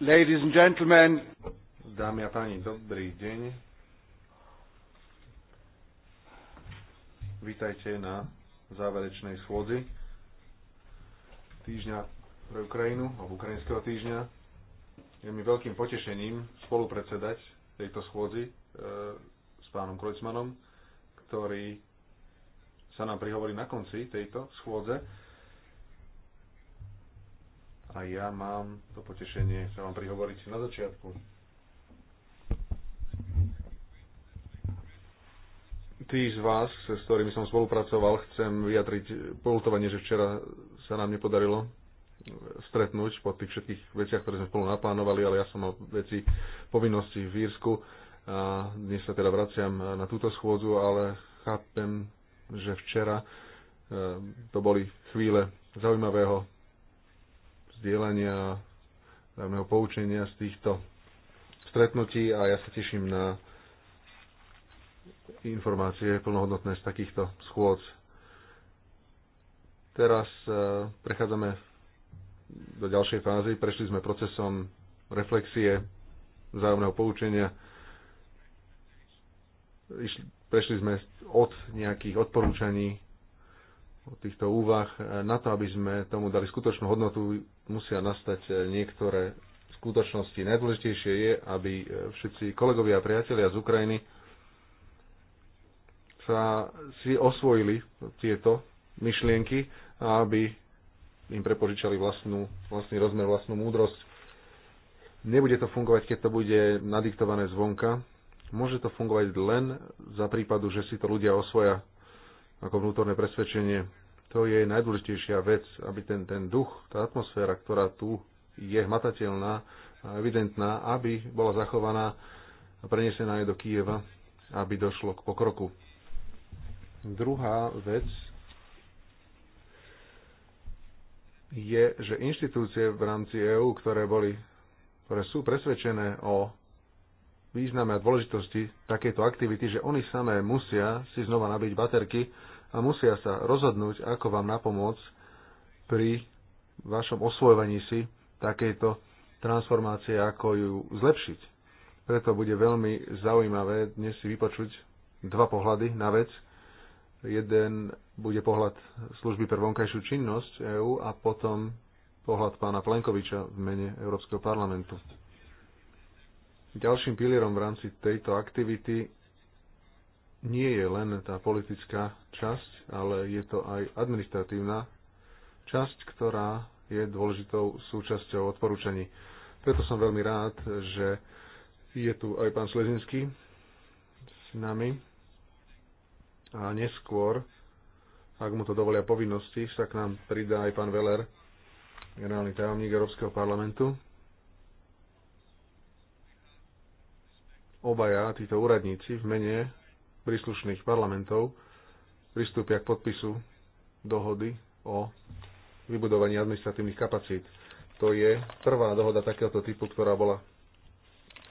Ladies and gentlemen. Dámy a páni, dobrý deň. Vítajte na záverečnej schôdzi týždňa pre Ukrajinu, alebo ukrajinského týždňa. Je mi veľkým potešením spolupredsedať tejto schôdzi e, s pánom Krojcmanom, ktorý sa nám prihovorí na konci tejto schôdze a ja mám to potešenie sa vám prihovoriť na začiatku. Tí z vás, s ktorými som spolupracoval, chcem vyjadriť poľutovanie, že včera sa nám nepodarilo stretnúť po tých všetkých veciach, ktoré sme spolu naplánovali, ale ja som mal veci povinnosti v Írsku. A dnes sa teda vraciam na túto schôdzu, ale chápem, že včera e, to boli chvíle zaujímavého zdieľania, dávneho poučenia z týchto stretnutí a ja sa teším na informácie plnohodnotné z takýchto schôdz. Teraz e, prechádzame do ďalšej fázy. Prešli sme procesom reflexie, vzájomného poučenia. prešli sme od nejakých odporúčaní týchto úvah. Na to, aby sme tomu dali skutočnú hodnotu, musia nastať e, niektoré skutočnosti. Najdôležitejšie je, aby e, všetci kolegovia a priatelia z Ukrajiny sa si osvojili tieto myšlienky a aby im prepožičali vlastnú, vlastný rozmer, vlastnú múdrosť. Nebude to fungovať, keď to bude nadiktované zvonka. Môže to fungovať len za prípadu, že si to ľudia osvoja ako vnútorné presvedčenie. To je najdôležitejšia vec, aby ten, ten duch, tá atmosféra, ktorá tu je hmatateľná a evidentná, aby bola zachovaná a prenesená aj do Kieva, aby došlo k pokroku. Druhá vec je, že inštitúcie v rámci EÚ, ktoré, boli, ktoré sú presvedčené o význame a dôležitosti takéto aktivity, že oni samé musia si znova nabiť baterky a musia sa rozhodnúť, ako vám napomôcť pri vašom osvojovaní si takéto transformácie, ako ju zlepšiť. Preto bude veľmi zaujímavé dnes si vypočuť dva pohľady na vec. Jeden bude pohľad služby pre vonkajšiu činnosť EÚ a potom pohľad pána Plenkoviča v mene Európskeho parlamentu. Ďalším pilierom v rámci tejto aktivity nie je len tá politická časť, ale je to aj administratívna časť, ktorá je dôležitou súčasťou odporúčaní. Preto som veľmi rád, že je tu aj pán Slezinský s nami a neskôr, ak mu to dovolia povinnosti, sa k nám pridá aj pán Veler, generálny tajomník Európskeho parlamentu. obaja títo úradníci v mene príslušných parlamentov pristúpia k podpisu dohody o vybudovaní administratívnych kapacít. To je prvá dohoda takéhoto typu, ktorá bola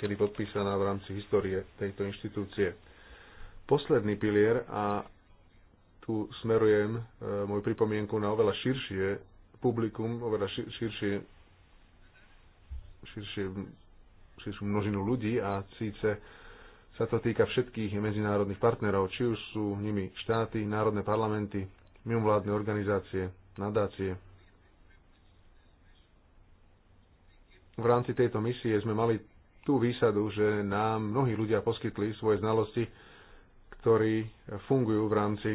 kedy podpísaná v rámci histórie tejto inštitúcie. Posledný pilier, a tu smerujem e, môj pripomienku na oveľa širšie publikum, oveľa šir, širšie, širšie sú množinu ľudí a síce sa to týka všetkých medzinárodných partnerov, či už sú nimi štáty, národné parlamenty, mimovládne organizácie, nadácie. V rámci tejto misie sme mali tú výsadu, že nám mnohí ľudia poskytli svoje znalosti, ktorí fungujú v rámci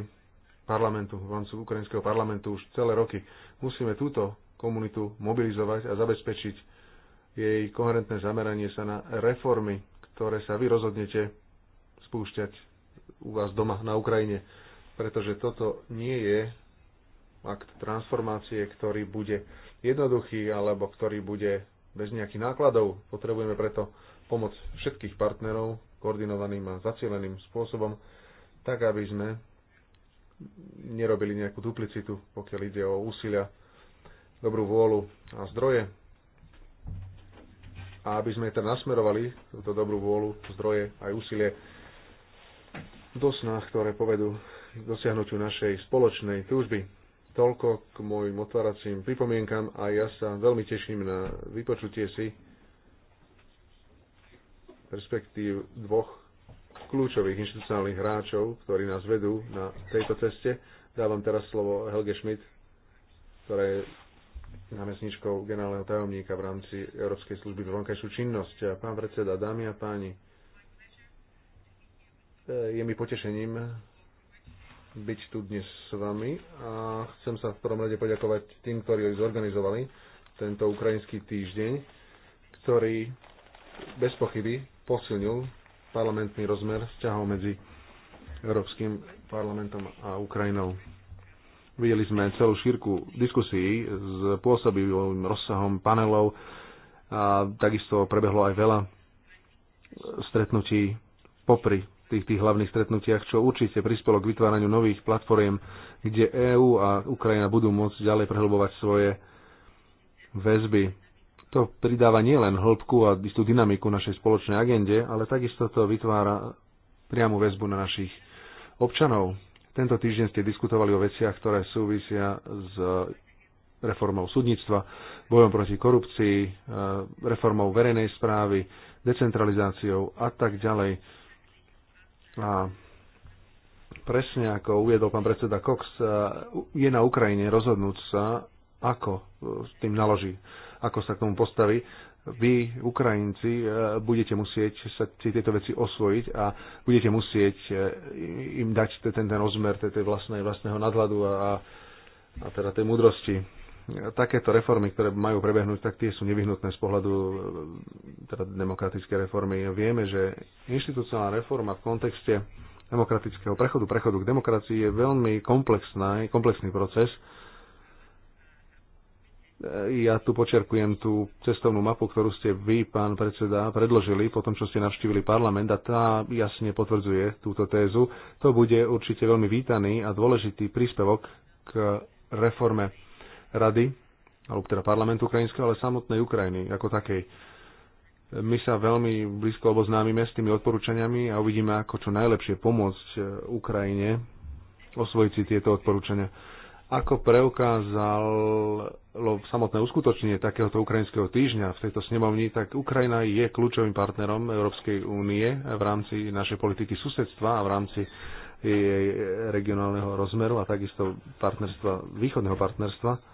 parlamentu, v rámci ukrajinského parlamentu už celé roky. Musíme túto komunitu mobilizovať a zabezpečiť jej koherentné zameranie sa na reformy, ktoré sa vy rozhodnete spúšťať u vás doma na Ukrajine. Pretože toto nie je akt transformácie, ktorý bude jednoduchý alebo ktorý bude bez nejakých nákladov. Potrebujeme preto pomoc všetkých partnerov koordinovaným a zacieleným spôsobom, tak aby sme nerobili nejakú duplicitu, pokiaľ ide o úsilia, dobrú vôľu a zdroje a aby sme teda nasmerovali túto dobrú vôľu, zdroje aj úsilie do snah, ktoré povedú k dosiahnutiu našej spoločnej túžby. Toľko k môjim otváracím pripomienkam a ja sa veľmi teším na vypočutie si perspektív dvoch kľúčových inštitucionálnych hráčov, ktorí nás vedú na tejto ceste. Dávam teraz slovo Helge Schmidt, ktorá je námestničkou generálneho tajomníka v rámci Európskej služby pre vonkajšiu činnosť. Pán predseda, dámy a páni, eh, je mi potešením byť tu dnes s vami a chcem sa v prvom rade poďakovať tým, ktorí zorganizovali tento ukrajinský týždeň, ktorý bez pochyby posilnil parlamentný rozmer vzťahov medzi Európskym parlamentom a Ukrajinou. Videli sme celú šírku diskusí s pôsobivým rozsahom panelov a takisto prebehlo aj veľa stretnutí popri tých, tých hlavných stretnutiach, čo určite prispelo k vytváraniu nových platform, kde EÚ a Ukrajina budú môcť ďalej prehlbovať svoje väzby. To pridáva nielen hĺbku a istú dynamiku našej spoločnej agende, ale takisto to vytvára priamu väzbu na našich občanov, tento týždeň ste diskutovali o veciach, ktoré súvisia s reformou súdnictva, bojom proti korupcii, e, reformou verejnej správy, decentralizáciou a tak ďalej. A presne ako uviedol pán predseda Cox, e, je na Ukrajine rozhodnúť sa, ako e, s tým naloží, ako sa k tomu postaví vy, Ukrajinci, e, budete musieť sa tieto veci osvojiť a budete musieť e, im dať ten, ten rozmer tej vlastnej, vlastného nadhľadu a, a teda tej múdrosti. Takéto reformy, ktoré majú prebehnúť, tak tie sú nevyhnutné z pohľadu e, teda demokratické reformy. Vieme, že inštitucionálna reforma v kontexte demokratického prechodu, prechodu k demokracii je veľmi komplexný, komplexný proces, E, ja tu počerkujem tú cestovnú mapu, ktorú ste vy, pán predseda, predložili po tom, čo ste navštívili parlament a tá jasne potvrdzuje túto tézu. To bude určite veľmi vítaný a dôležitý príspevok k reforme rady, alebo teda parlamentu ukrajinského, ale samotnej Ukrajiny ako takej. My sa veľmi blízko oboznámime s tými odporúčaniami a uvidíme, ako čo najlepšie pomôcť e, Ukrajine osvojiť si tieto odporúčania ako preukázalo samotné uskutočnenie takéhoto ukrajinského týždňa v tejto snemovni, tak Ukrajina je kľúčovým partnerom Európskej únie v rámci našej politiky susedstva a v rámci jej regionálneho rozmeru a takisto partnerstva, východného partnerstva.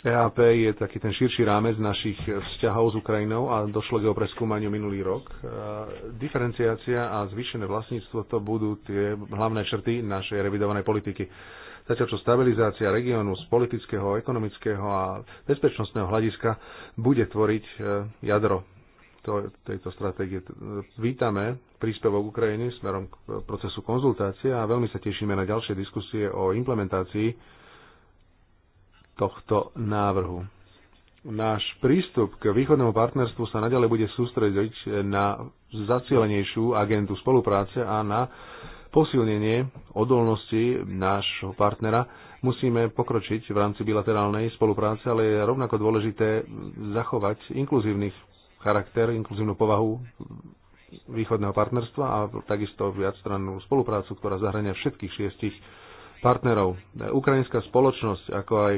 EAP je taký ten širší rámec našich vzťahov s Ukrajinou a došlo k jeho preskúmaniu minulý rok. E, diferenciácia a zvýšené vlastníctvo to budú tie hlavné črty našej revidovanej politiky. Zatiaľ čo stabilizácia regiónu z politického, ekonomického a bezpečnostného hľadiska bude tvoriť e, jadro to, tejto stratégie. E, vítame príspevok Ukrajiny smerom k procesu konzultácie a veľmi sa tešíme na ďalšie diskusie o implementácii tohto návrhu. Náš prístup k východnému partnerstvu sa naďalej bude sústrediť na zacielenejšiu agendu spolupráce a na posilnenie odolnosti nášho partnera. Musíme pokročiť v rámci bilaterálnej spolupráce, ale je rovnako dôležité zachovať inkluzívny charakter, inkluzívnu povahu východného partnerstva a takisto viacstrannú spoluprácu, ktorá zahrania všetkých šiestich partnerov. Ukrajinská spoločnosť, ako aj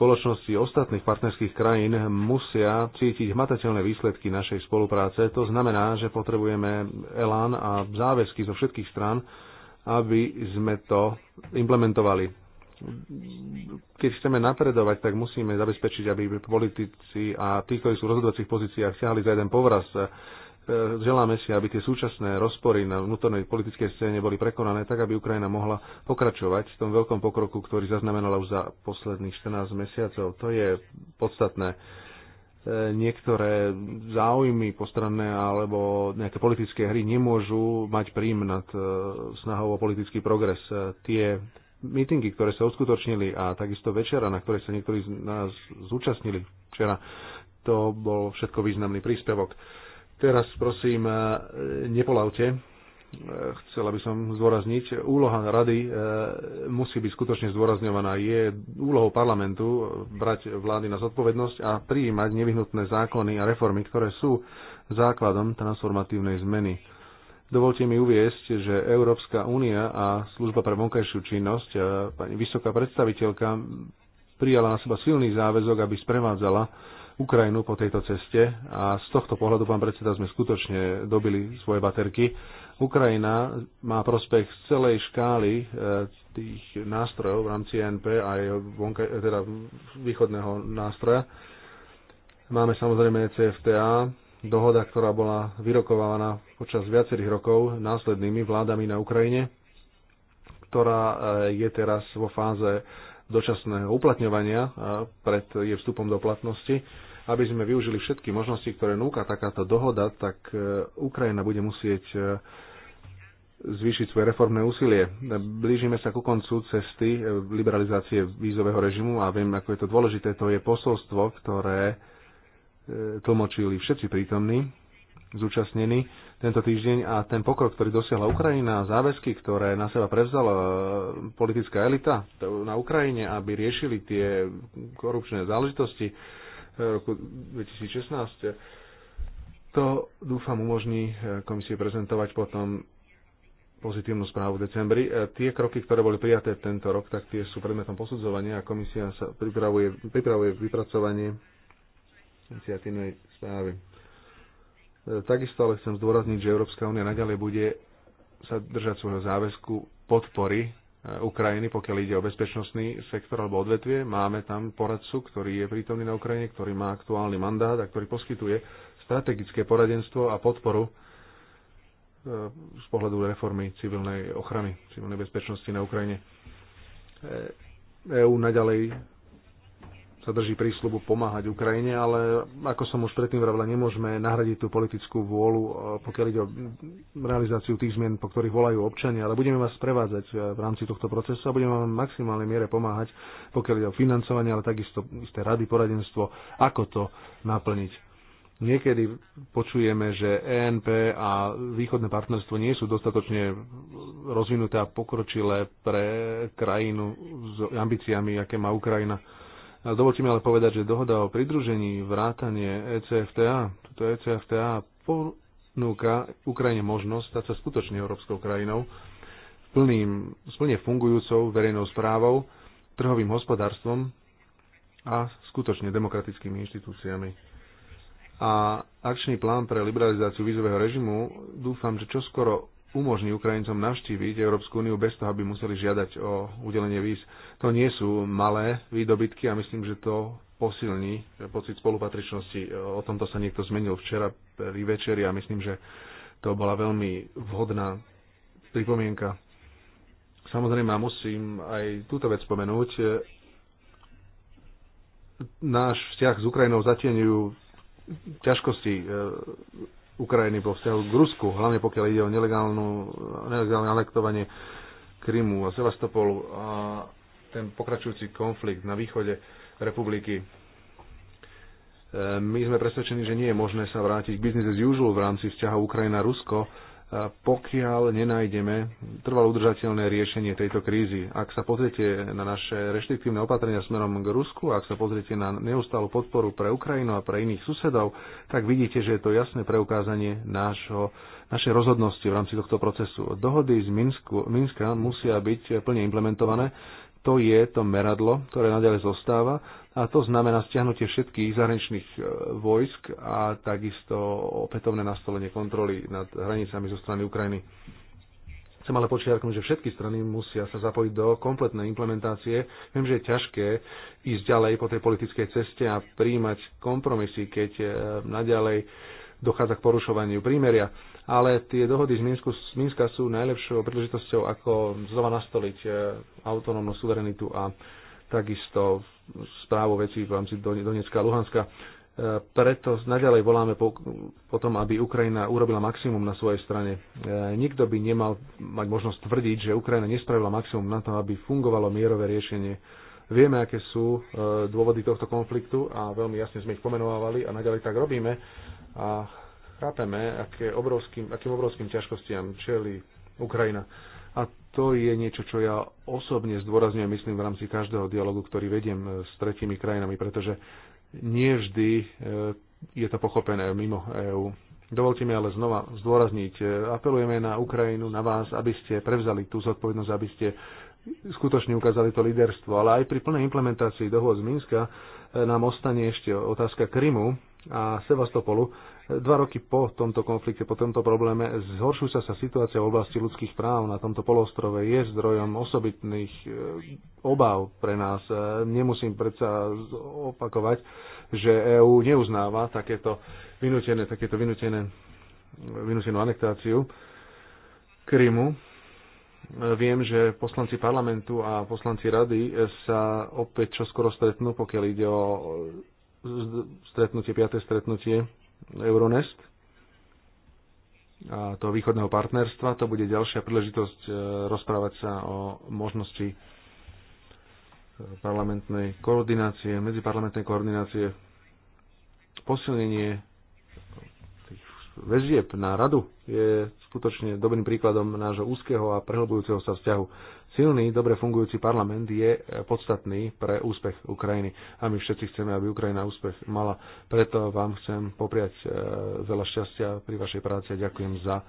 spoločnosti ostatných partnerských krajín musia cítiť hmatateľné výsledky našej spolupráce. To znamená, že potrebujeme elán a záväzky zo všetkých strán, aby sme to implementovali. Keď chceme napredovať, tak musíme zabezpečiť, aby politici a tí, ktorí sú v rozhodovacích pozíciách, ťahali za jeden povraz E, želáme si, aby tie súčasné rozpory na vnútornej politickej scéne boli prekonané tak, aby Ukrajina mohla pokračovať v tom veľkom pokroku, ktorý zaznamenala už za posledných 14 mesiacov. To je podstatné. E, niektoré záujmy postranné alebo nejaké politické hry nemôžu mať príjm nad e, snahou o politický progres. Tie mítingy, ktoré sa uskutočnili a takisto večera, na ktorej sa niektorí z nás zúčastnili včera, to bol všetko významný príspevok Teraz prosím, e, nepolavte. E, chcela by som zdôrazniť, úloha rady e, musí byť skutočne zdôrazňovaná. Je úlohou parlamentu brať vlády na zodpovednosť a prijímať nevyhnutné zákony a reformy, ktoré sú základom transformatívnej zmeny. Dovolte mi uviesť, že Európska únia a služba pre vonkajšiu činnosť, pani vysoká predstaviteľka, prijala na seba silný záväzok, aby sprevádzala Ukrajinu po tejto ceste a z tohto pohľadu, pán predseda, sme skutočne dobili svoje baterky. Ukrajina má prospech z celej škály e, tých nástrojov v rámci NP a aj vonka, e, teda východného nástroja. Máme samozrejme CFTA, dohoda, ktorá bola vyrokovaná počas viacerých rokov následnými vládami na Ukrajine, ktorá e, je teraz vo fáze dočasného uplatňovania pred jej vstupom do platnosti, aby sme využili všetky možnosti, ktoré núka takáto dohoda, tak e, Ukrajina bude musieť e, zvýšiť svoje reformné úsilie. Blížime sa ku koncu cesty e, liberalizácie vízového režimu a viem, ako je to dôležité. To je posolstvo, ktoré tlmočili všetci prítomní zúčastnení tento týždeň a ten pokrok, ktorý dosiahla Ukrajina, a záväzky, ktoré na seba prevzala e, politická elita na Ukrajine, aby riešili tie korupčné záležitosti e, roku 2016, to dúfam umožní e, komisie prezentovať potom pozitívnu správu v decembri. Tie kroky, ktoré boli prijaté tento rok, tak tie sú predmetom posudzovania a komisia sa pripravuje, pripravuje vypracovanie iniciatívnej správy. E, takisto ale chcem zdôrazniť, že Európska únia naďalej bude sa držať svojho záväzku podpory e, Ukrajiny, pokiaľ ide o bezpečnostný sektor alebo odvetvie. Máme tam poradcu, ktorý je prítomný na Ukrajine, ktorý má aktuálny mandát a ktorý poskytuje strategické poradenstvo a podporu e, z pohľadu reformy civilnej ochrany, civilnej bezpečnosti na Ukrajine. EÚ naďalej sa drží prísľubu pomáhať Ukrajine, ale ako som už predtým vravila, nemôžeme nahradiť tú politickú vôľu, e, pokiaľ ide o realizáciu tých zmien, po ktorých volajú občania, ale budeme vás sprevádzať e, v rámci tohto procesu a budeme vám v maximálnej miere pomáhať, pokiaľ ide o financovanie, ale takisto isté rady, poradenstvo, ako to naplniť. Niekedy počujeme, že ENP a východné partnerstvo nie sú dostatočne rozvinuté a pokročilé pre krajinu s ambíciami, aké má Ukrajina Dovolte mi ale povedať, že dohoda o pridružení vrátanie ECFTA, toto ECFTA ponúka Ukrajine možnosť stať sa skutočne európskou krajinou, plným, plne fungujúcou verejnou správou, trhovým hospodárstvom a skutočne demokratickými inštitúciami. A akčný plán pre liberalizáciu vízového režimu dúfam, že čoskoro umožní Ukrajincom navštíviť Európsku úniu bez toho, aby museli žiadať o udelenie víz. To nie sú malé výdobytky a myslím, že to posilní pocit spolupatričnosti. O tomto sa niekto zmenil včera pri večeri a myslím, že to bola veľmi vhodná pripomienka. Samozrejme, musím aj túto vec spomenúť. Náš vzťah s Ukrajinou zatieňujú ťažkosti e, Ukrajiny po vzťahu k Rusku, hlavne pokiaľ ide o nelegálne anektovanie Krymu a Sevastopolu a ten pokračujúci konflikt na východe republiky. E, my sme presvedčení, že nie je možné sa vrátiť k business as usual v rámci vzťahu Ukrajina-Rusko, pokiaľ nenájdeme trvalo udržateľné riešenie tejto krízy. Ak sa pozriete na naše reštriktívne opatrenia smerom k Rusku, ak sa pozriete na neustálu podporu pre Ukrajinu a pre iných susedov, tak vidíte, že je to jasné preukázanie nášho, našej rozhodnosti v rámci tohto procesu. Dohody z Minsku, Minska musia byť plne implementované. To je to meradlo, ktoré nadalej zostáva a to znamená stiahnutie všetkých zahraničných e, vojsk a takisto opätovné nastolenie kontroly nad hranicami zo strany Ukrajiny. Chcem ale počiarknúť, že všetky strany musia sa zapojiť do kompletnej implementácie. Viem, že je ťažké ísť ďalej po tej politickej ceste a príjmať kompromisy, keď e, naďalej dochádza k porušovaniu prímeria. Ale tie dohody z, Minsku, z Minska sú najlepšou príležitosťou, ako znova nastoliť e, autonómnu suverenitu a takisto správu vecí v rámci Donecka a Luhanska. E, preto naďalej voláme po, po tom, aby Ukrajina urobila maximum na svojej strane. E, nikto by nemal mať možnosť tvrdiť, že Ukrajina nespravila maximum na to, aby fungovalo mierové riešenie. Vieme, aké sú e, dôvody tohto konfliktu a veľmi jasne sme ich pomenovali a naďalej tak robíme. A chápeme, aké obrovským, akým obrovským ťažkostiam čeli Ukrajina a to je niečo, čo ja osobne zdôrazňujem, myslím, v rámci každého dialogu, ktorý vediem eh, s tretími krajinami, pretože nie vždy eh, je to pochopené mimo EÚ. Dovolte mi ale znova zdôrazniť, eh, apelujeme na Ukrajinu, na vás, aby ste prevzali tú zodpovednosť, aby ste skutočne ukázali to líderstvo, ale aj pri plnej implementácii dohôd z Minska nám ostane ešte otázka Krymu a Sevastopolu, Dva roky po tomto konflikte, po tomto probléme, zhoršujúca sa situácia v oblasti ľudských práv na tomto polostrove je zdrojom osobitných e, obav pre nás. E, nemusím predsa opakovať, že EÚ neuznáva takéto vynútené, takéto vynútené, vynútenú anektáciu Krymu. E, viem, že poslanci parlamentu a poslanci rady sa opäť čoskoro stretnú, pokiaľ ide o stretnutie, piaté stretnutie Euronest a toho východného partnerstva. To bude ďalšia príležitosť e, rozprávať sa o možnosti e, parlamentnej koordinácie, medziparlamentnej koordinácie, posilnenie tých väzieb na radu je skutočne dobrým príkladom nášho úzkeho a prehlbujúceho sa vzťahu Silný, dobre fungujúci parlament je e, podstatný pre úspech Ukrajiny a my všetci chceme, aby Ukrajina úspech mala. Preto vám chcem popriať e, veľa šťastia pri vašej práci a ďakujem za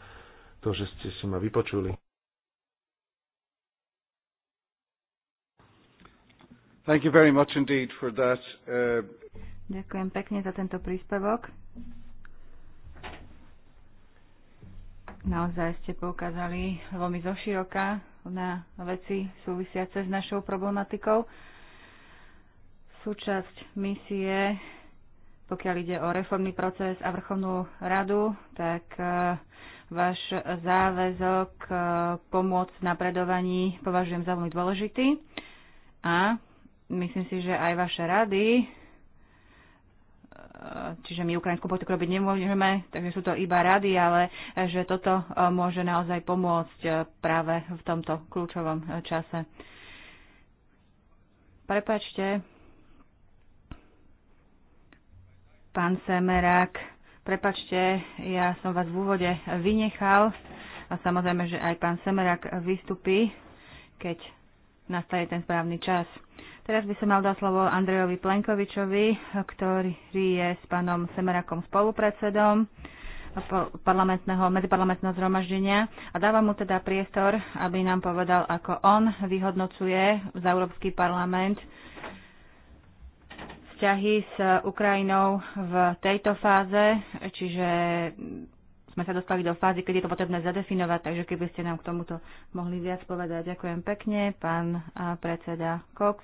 to, že ste si ma vypočuli. Thank you very much indeed for that. Uh, ďakujem pekne za tento príspevok. Naozaj ste poukázali veľmi zoširoka na veci súvisiace s našou problematikou. Súčasť misie, pokiaľ ide o reformný proces a vrchovnú radu, tak e, váš záväzok e, pomôcť v napredovaní považujem za veľmi dôležitý a myslím si, že aj vaše rady čiže my ukrajinskú politiku robiť nemôžeme, takže sú to iba rady, ale eh, že toto eh, môže naozaj pomôcť eh, práve v tomto kľúčovom čase. Prepačte, pán Semerák, prepačte, ja som vás v úvode vynechal a samozrejme, že aj pán Semerák vystupí, keď nastane ten správny čas. Teraz by som mal dať slovo Andrejovi Plenkovičovi, ktorý je s pánom Semerakom spolupredsedom parlamentného, medziparlamentného zhromaždenia a dávam mu teda priestor, aby nám povedal, ako on vyhodnocuje za Európsky parlament vzťahy s Ukrajinou v tejto fáze, čiže sme sa dostali do fázy, keď je to potrebné zadefinovať, takže keby ste nám k tomuto mohli viac povedať. Ďakujem pekne, pán predseda Cox,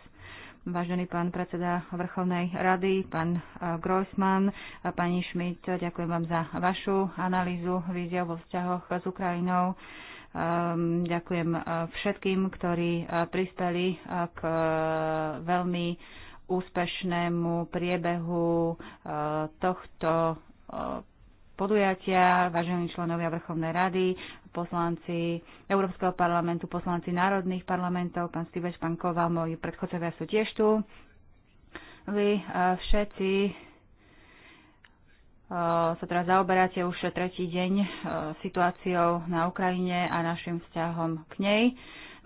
vážený pán predseda Vrchovnej rady, pán Grossman, pani Schmidt, ďakujem vám za vašu analýzu víziev vo vzťahoch s Ukrajinou. Ďakujem všetkým, ktorí prispeli k veľmi úspešnému priebehu tohto podujatia, vážení členovia Vrchovnej rady, poslanci Európskeho parlamentu, poslanci národných parlamentov, pán Stiveš, pán Koval, moji predchodcovia sú tiež tu. Vy eh, všetci eh, sa teraz zaoberáte už tretí deň eh, situáciou na Ukrajine a našim vzťahom k nej.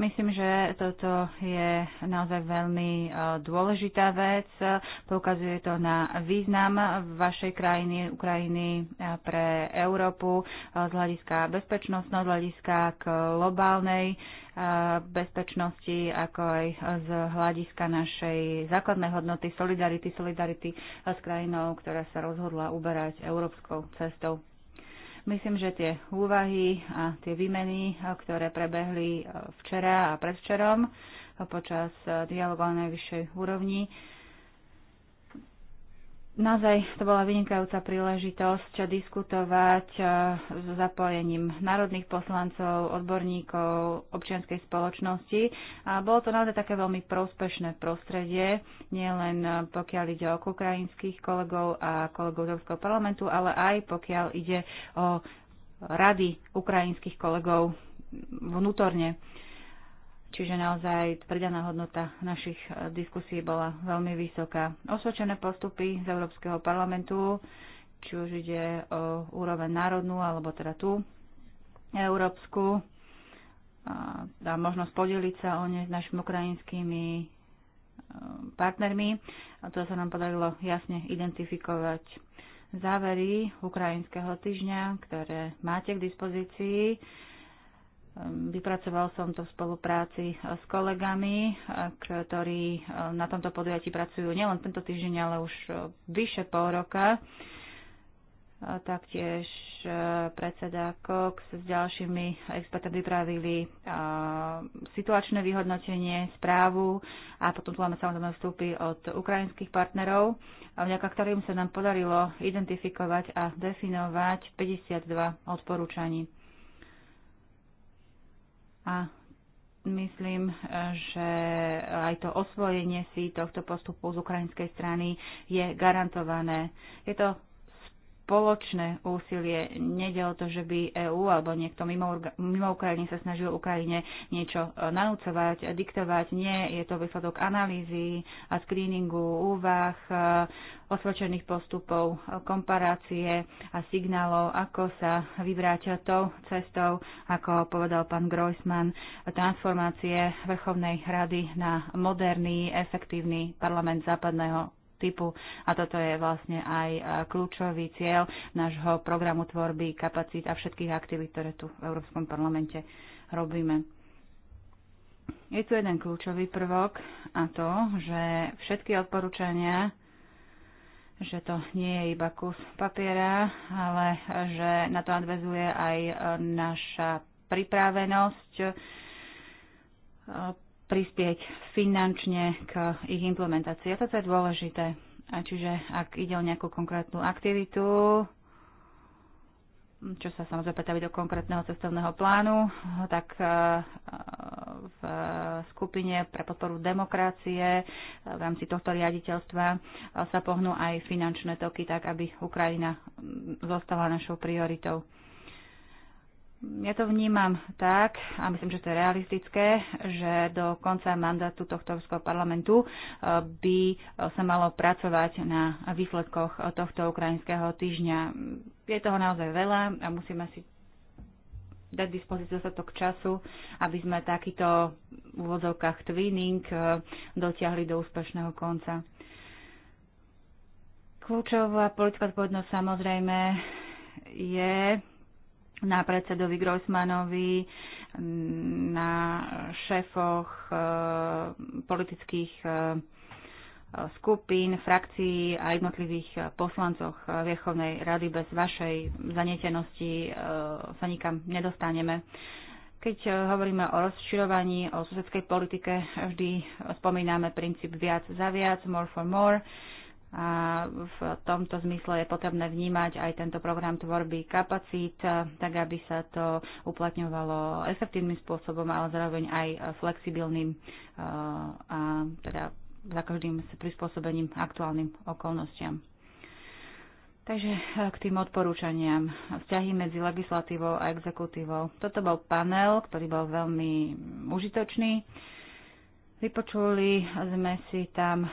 Myslím, že toto je naozaj veľmi e, dôležitá vec. Poukazuje to na význam vašej krajiny, Ukrajiny e, pre Európu e, z hľadiska bezpečnostného, z hľadiska globálnej bezpečnosti, ako aj z hľadiska našej základnej hodnoty solidarity, solidarity s krajinou, ktorá sa rozhodla uberať európskou cestou. Myslím, že tie úvahy a tie výmeny, ktoré prebehli eh, včera a predvčerom eh, počas eh, dialogu na najvyššej úrovni, Naozaj to bola vynikajúca príležitosť diskutovať eh, s zapojením národných poslancov, odborníkov, občianskej spoločnosti. A bolo to naozaj také veľmi prospešné prostredie, nielen eh, pokiaľ ide o ukrajinských kolegov a kolegov z Európskeho parlamentu, ale aj pokiaľ ide o rady ukrajinských kolegov vnútorne. Uh, Čiže naozaj predaná hodnota našich e, diskusí bola veľmi vysoká. Osvedčené postupy z Európskeho parlamentu, či už ide o úroveň národnú, alebo teda tú európsku, dá možnosť podeliť sa o ne s našimi ukrajinskými e, partnermi. A to sa nám podarilo jasne identifikovať závery ukrajinského týždňa, ktoré máte k dispozícii Ehm, vypracoval som to v spolupráci e, s kolegami, e, ktorí e, na tomto podujatí pracujú nielen tento týždeň, ale už vyše pol roka. Taktiež predseda Cox s ďalšími expertami vypravili situačné vyhodnotenie, správu a potom tu máme samozrejme vstupy od ukrajinských partnerov, vďaka ktorým sa nám podarilo identifikovať a definovať 52 odporúčaní. A myslím, eh, že aj to osvojenie si tohto postupu z ukrajinskej strany je garantované. Je to spoločné úsilie. Nede o to, že by EÚ alebo niekto mimo, mimo Ukrajiny sa snažil Ukrajine niečo e, nanúcovať, diktovať. Nie, je to výsledok analýzy a screeningu úvah, e, osvedčených postupov, e, komparácie a signálov, ako sa vybrať tou cestou, ako povedal pán Groisman, transformácie Vrchovnej rady na moderný, efektívny parlament západného typu. A toto je vlastne aj kľúčový cieľ nášho programu tvorby kapacít a všetkých aktivít, ktoré tu v Európskom parlamente robíme. Je tu jeden kľúčový prvok a to, že všetky odporúčania že to nie je iba kus papiera, ale že na to nadvezuje aj naša pripravenosť prispieť finančne k ich implementácii. A toto je dôležité. A čiže ak ide o nejakú konkrétnu aktivitu, čo sa samozrejme pýtali do konkrétneho cestovného plánu, tak e, v skupine pre podporu demokracie e, v rámci tohto riaditeľstva e, sa pohnú aj finančné toky, tak aby Ukrajina zostala našou prioritou. Ja to vnímam tak, a myslím, že to je realistické, že do konca mandátu tohto Európskeho parlamentu eh, by eh, sa malo pracovať na výsledkoch eh, tohto ukrajinského týždňa. Je toho naozaj veľa a musíme si dať dispozíciu dostatok času, aby sme takýto v úvodzovkách twinning dotiahli do úspešného konca. Kľúčová politická zbojnosť samozrejme je na predsedovi Grossmanovi, na šéfoch eh, politických eh, skupín, frakcií a jednotlivých eh, poslancoch Vierchovnej rady. Bez vašej zanietenosti sa nikam nedostaneme. Keď hovoríme o rozširovaní, o susedskej politike, vždy spomíname princíp viac za viac, more for more. A v tomto zmysle je potrebné vnímať aj tento program tvorby kapacít, eh, tak aby sa to uplatňovalo efektívnym spôsobom, ale zároveň aj flexibilným eh, a teda za každým prispôsobením aktuálnym okolnostiam. Takže eh, k tým odporúčaniam. Vzťahy medzi legislatívou a exekutívou. Toto bol panel, ktorý bol veľmi užitočný. Vypočuli sme si tam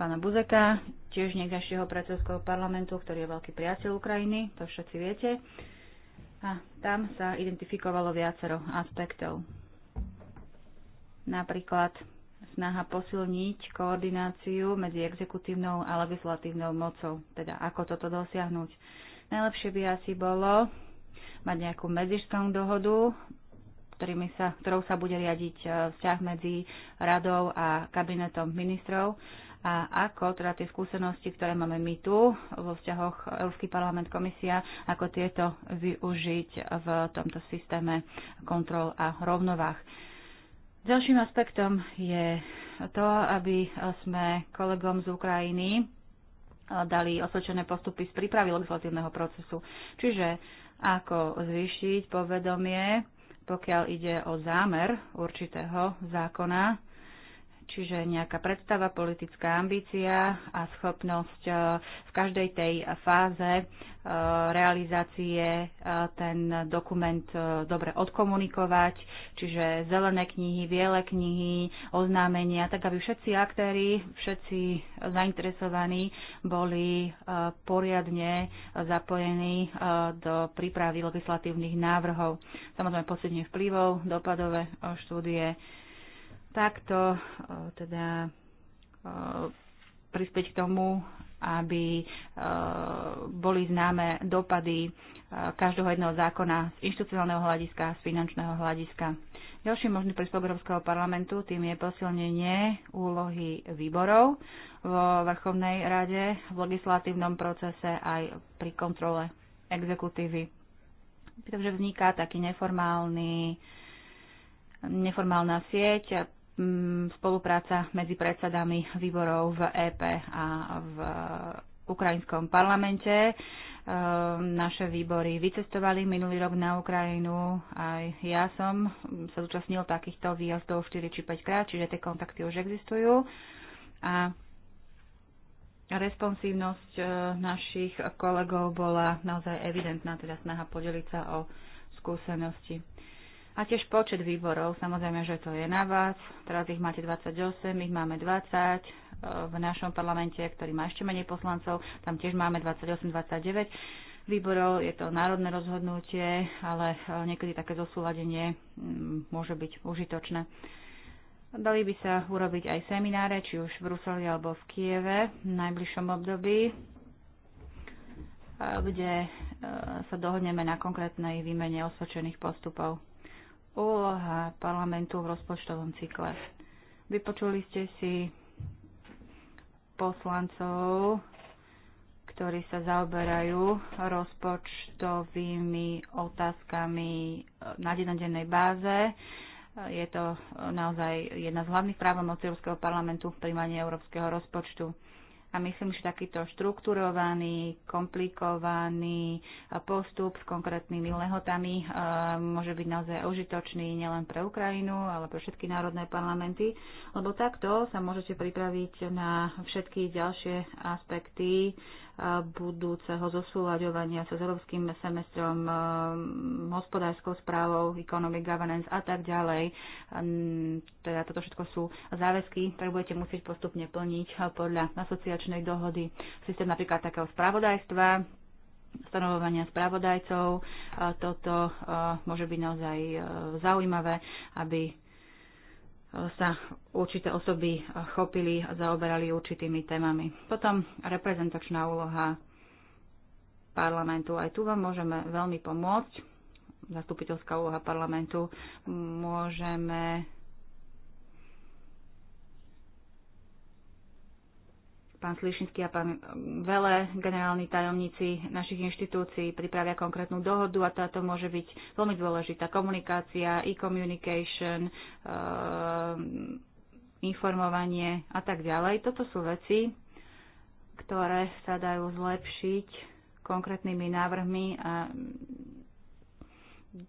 pána Buzeka, tiež niekdajšieho predsedského parlamentu, ktorý je veľký priateľ Ukrajiny, to všetci viete. A tam sa identifikovalo viacero aspektov. Napríklad snaha posilniť koordináciu medzi exekutívnou a legislatívnou mocou, teda ako toto dosiahnuť. Najlepšie by asi bolo mať nejakú medzištátnu dohodu, sa, ktorou sa bude riadiť eh, vzťah medzi radou a kabinetom ministrov a ako teda tie skúsenosti, ktoré máme my tu vo vzťahoch Európsky parlament, komisia, ako tieto využiť v tomto systéme kontrol a rovnovách. Ďalším aspektom je to, aby sme kolegom z Ukrajiny dali osvedčené postupy z prípravy legislatívneho procesu. Čiže ako zvýšiť povedomie, pokiaľ ide o zámer určitého zákona, Čiže nejaká predstava, politická ambícia a schopnosť e, v každej tej fáze e, realizácie e, ten dokument dobre odkomunikovať, čiže zelené knihy, biele knihy, oznámenia, tak aby všetci aktéry, všetci zainteresovaní boli poriadne zapojení do prípravy legislatívnych návrhov. Samozrejme posledne vplyvov, dopadové štúdie, takto e, teda e, prispieť k tomu, aby e, boli známe dopady každého jedného zákona z inštitucionálneho hľadiska a z finančného hľadiska. Ďalší možný príspevok Európskeho parlamentu tým je posilnenie úlohy výborov vo Vrchovnej rade, v legislatívnom procese aj pri kontrole exekutívy. Takže vzniká taký neformálny, neformálna sieť spolupráca medzi predsedami výborov v EP a v ukrajinskom parlamente. E, naše výbory vycestovali minulý rok na Ukrajinu. Aj ja som sa zúčastnil takýchto výjazdov 4 či 5 krát, čiže tie kontakty už existujú. A responsívnosť e, našich kolegov bola naozaj evidentná, teda snaha podeliť sa o skúsenosti. A tiež počet výborov, samozrejme, že to je na vás. Teraz ich máte 28, ich máme 20. E, v našom parlamente, ktorý má ešte menej poslancov, tam tiež máme 28, 29 výborov. Je to národné rozhodnutie, ale e, niekedy také zosúladenie mm, môže byť užitočné. Dali by sa urobiť aj semináre, či už v Bruseli alebo v Kieve v najbližšom období, e, kde sa dohodneme na konkrétnej výmene osvedčených postupov úloha parlamentu v rozpočtovom cykle. Vypočuli ste si poslancov, ktorí sa zaoberajú rozpočtovými otázkami eh, na denodennej báze. Je to eh, naozaj jedna z hlavných právomocí Európskeho parlamentu v príjmaní európskeho rozpočtu a myslím, že takýto štrukturovaný, komplikovaný postup s konkrétnymi lehotami eh, môže byť naozaj užitočný nielen pre Ukrajinu, ale pre všetky národné parlamenty, lebo takto sa môžete pripraviť na všetky ďalšie aspekty budúceho zosúľaďovania sa so s európskym semestrom, e, hospodárskou správou, economic governance a tak ďalej. Teda toto všetko sú záväzky, ktoré budete musieť postupne plniť e, podľa asociačnej dohody. Systém napríklad takého spravodajstva, stanovovania spravodajcov. E, toto môže byť naozaj zaujímavé, aby sa určité osoby chopili a zaoberali určitými témami. Potom reprezentačná úloha parlamentu. Aj tu vám môžeme veľmi pomôcť. Zastupiteľská úloha parlamentu. Môžeme pán Slišinský a pán um, Vele, generálni tajomníci našich inštitúcií, pripravia konkrétnu dohodu a táto môže byť veľmi dôležitá. Komunikácia, e-communication, um, informovanie a tak ďalej. Toto sú veci, ktoré sa dajú zlepšiť konkrétnymi návrhmi a um,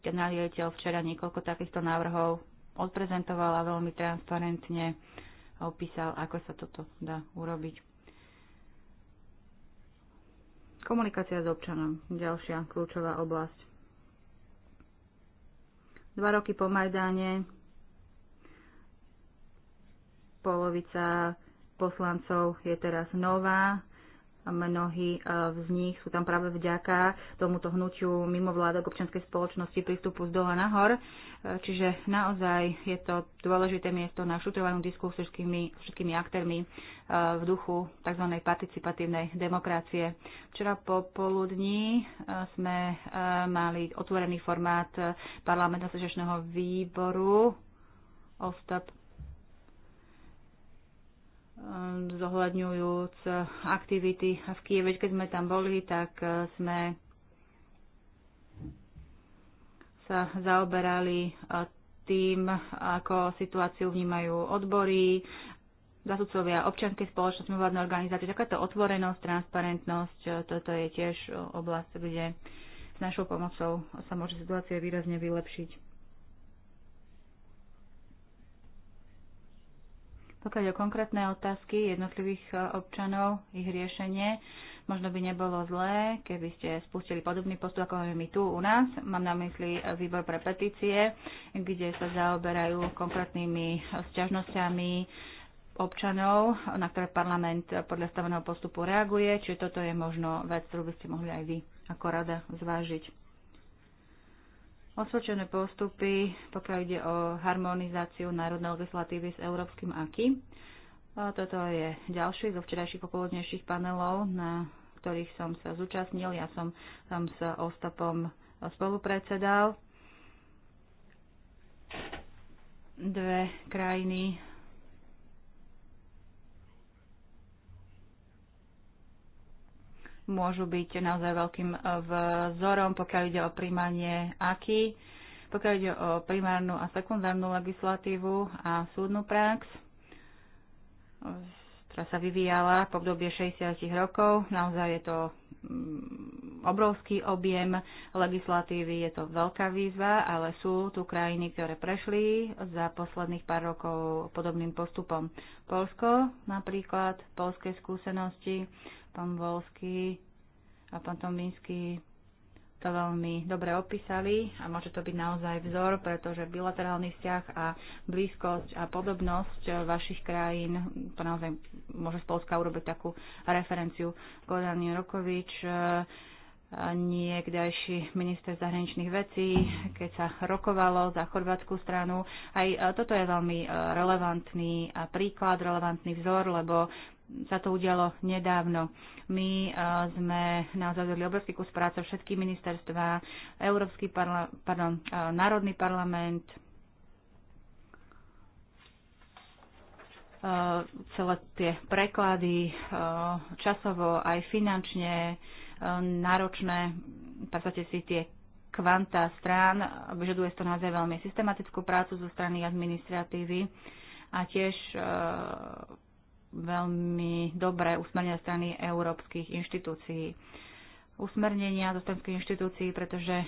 generáliteľ včera niekoľko takýchto návrhov odprezentoval a veľmi transparentne opísal, ako sa toto dá urobiť. Komunikácia s občanom, ďalšia kľúčová oblasť. Dva roky po Majdáne polovica poslancov je teraz nová, mnohí e, z nich sú tam práve vďaka tomuto hnutiu mimovládok občianskej spoločnosti prístupu z dola nahor. E, čiže naozaj je to dôležité miesto na šutrovanú diskusiu s všetkými, všetkými aktérmi e, v duchu tzv. participatívnej demokracie. Včera po poludní sme mali otvorený formát parlamentno výboru OSTAP zohľadňujúc aktivity v Kieve. Keď sme tam boli, tak e, sme sa zaoberali e, tým, ako situáciu vnímajú odbory, zasudcovia občianskej spoločnosti, vládne organizácie. Takáto otvorenosť, transparentnosť, e, toto je tiež oblasť, kde s našou pomocou sa môže situácia výrazne vylepšiť. Pokiaľ o konkrétne otázky jednotlivých e, občanov, ich riešenie, možno by nebolo zlé, keby ste spustili podobný postup, ako my tu u nás. Mám na mysli e, výbor pre petície, kde sa zaoberajú konkrétnymi e, sťažnosťami občanov, na ktoré parlament podľa staveného postupu reaguje, čiže toto je možno vec, ktorú by ste mohli aj vy ako rada zvážiť osvedčené postupy, pokiaľ ide o harmonizáciu národnej legislatívy s európskym AKI. Toto je ďalší zo včerajších popoludnejších panelov, na ktorých som sa zúčastnil. Ja som tam s Ostapom spolupredsedal. Dve krajiny môžu byť naozaj veľkým eh, vzorom, pokiaľ ide o príjmanie aký, pokiaľ ide o primárnu a sekundárnu legislatívu a súdnu prax, ktorá sa vyvíjala v obdobie 60 rokov. Naozaj je to mm, obrovský objem legislatívy, je to veľká výzva, ale sú tu krajiny, ktoré prešli za posledných pár rokov podobným postupom. Polsko napríklad, polské skúsenosti pán Volský a pán Tombinský to veľmi dobre opísali a môže to byť naozaj vzor, pretože bilaterálny vzťah a blízkosť a podobnosť vašich krajín, to naozaj môže z Polska urobiť takú referenciu. Goran Rokovič, e, niekdajší minister zahraničných vecí, keď sa rokovalo za chorvátsku stranu. Aj e, toto je veľmi e, relevantný príklad, relevantný vzor, lebo sa to udialo nedávno. My e, sme naozaj zvedli obrovský kus práce všetky ministerstva, Európsky parla- pardon, e, Národný parlament, e, celé tie preklady časovo aj finančne náročné, v podstate si tie kvanta strán, vyžaduje to naozaj veľmi systematickú prácu zo strany administratívy a tiež veľmi dobré usmernenia strany európskych inštitúcií usmernenia zo stranických inštitúcií, pretože e,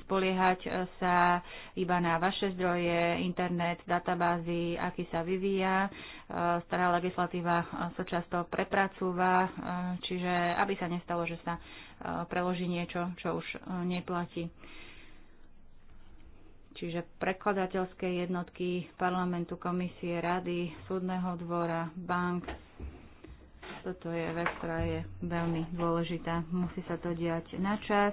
spoliehať e, sa iba na vaše zdroje, internet, databázy, aký sa vyvíja. E, stará legislatíva sa často prepracúva, čiže aby sa nestalo, že sa preloží niečo, čo už neplatí čiže prekladateľské jednotky parlamentu, komisie, rady, súdneho dvora, bank. Toto je vec, ktorá je veľmi dôležitá. Musí sa to diať na čas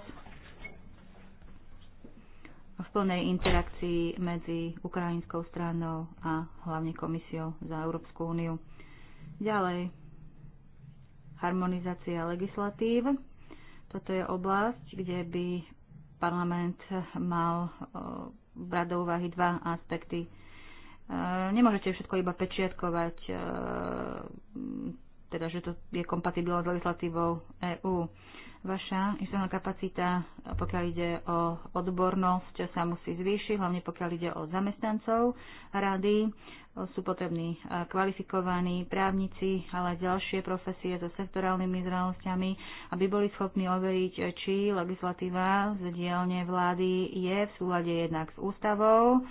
v plnej interakcii medzi ukrajinskou stranou a hlavne komisiou za Európsku úniu. Ďalej, harmonizácia legislatív. Toto je oblasť, kde by parlament mal brať do úvahy dva aspekty. E, nemôžete všetko iba pečiatkovať. E, teda že to je kompatibilné s legislatívou EÚ. Vaša istotná kapacita, pokiaľ ide o odbornosť, sa musí zvýšiť, hlavne pokiaľ ide o zamestnancov rady. Sú potrební kvalifikovaní právnici, ale ďalšie profesie so sektorálnymi znalosťami, aby boli schopní overiť, či legislatíva z dielne vlády je v súlade jednak s ústavou,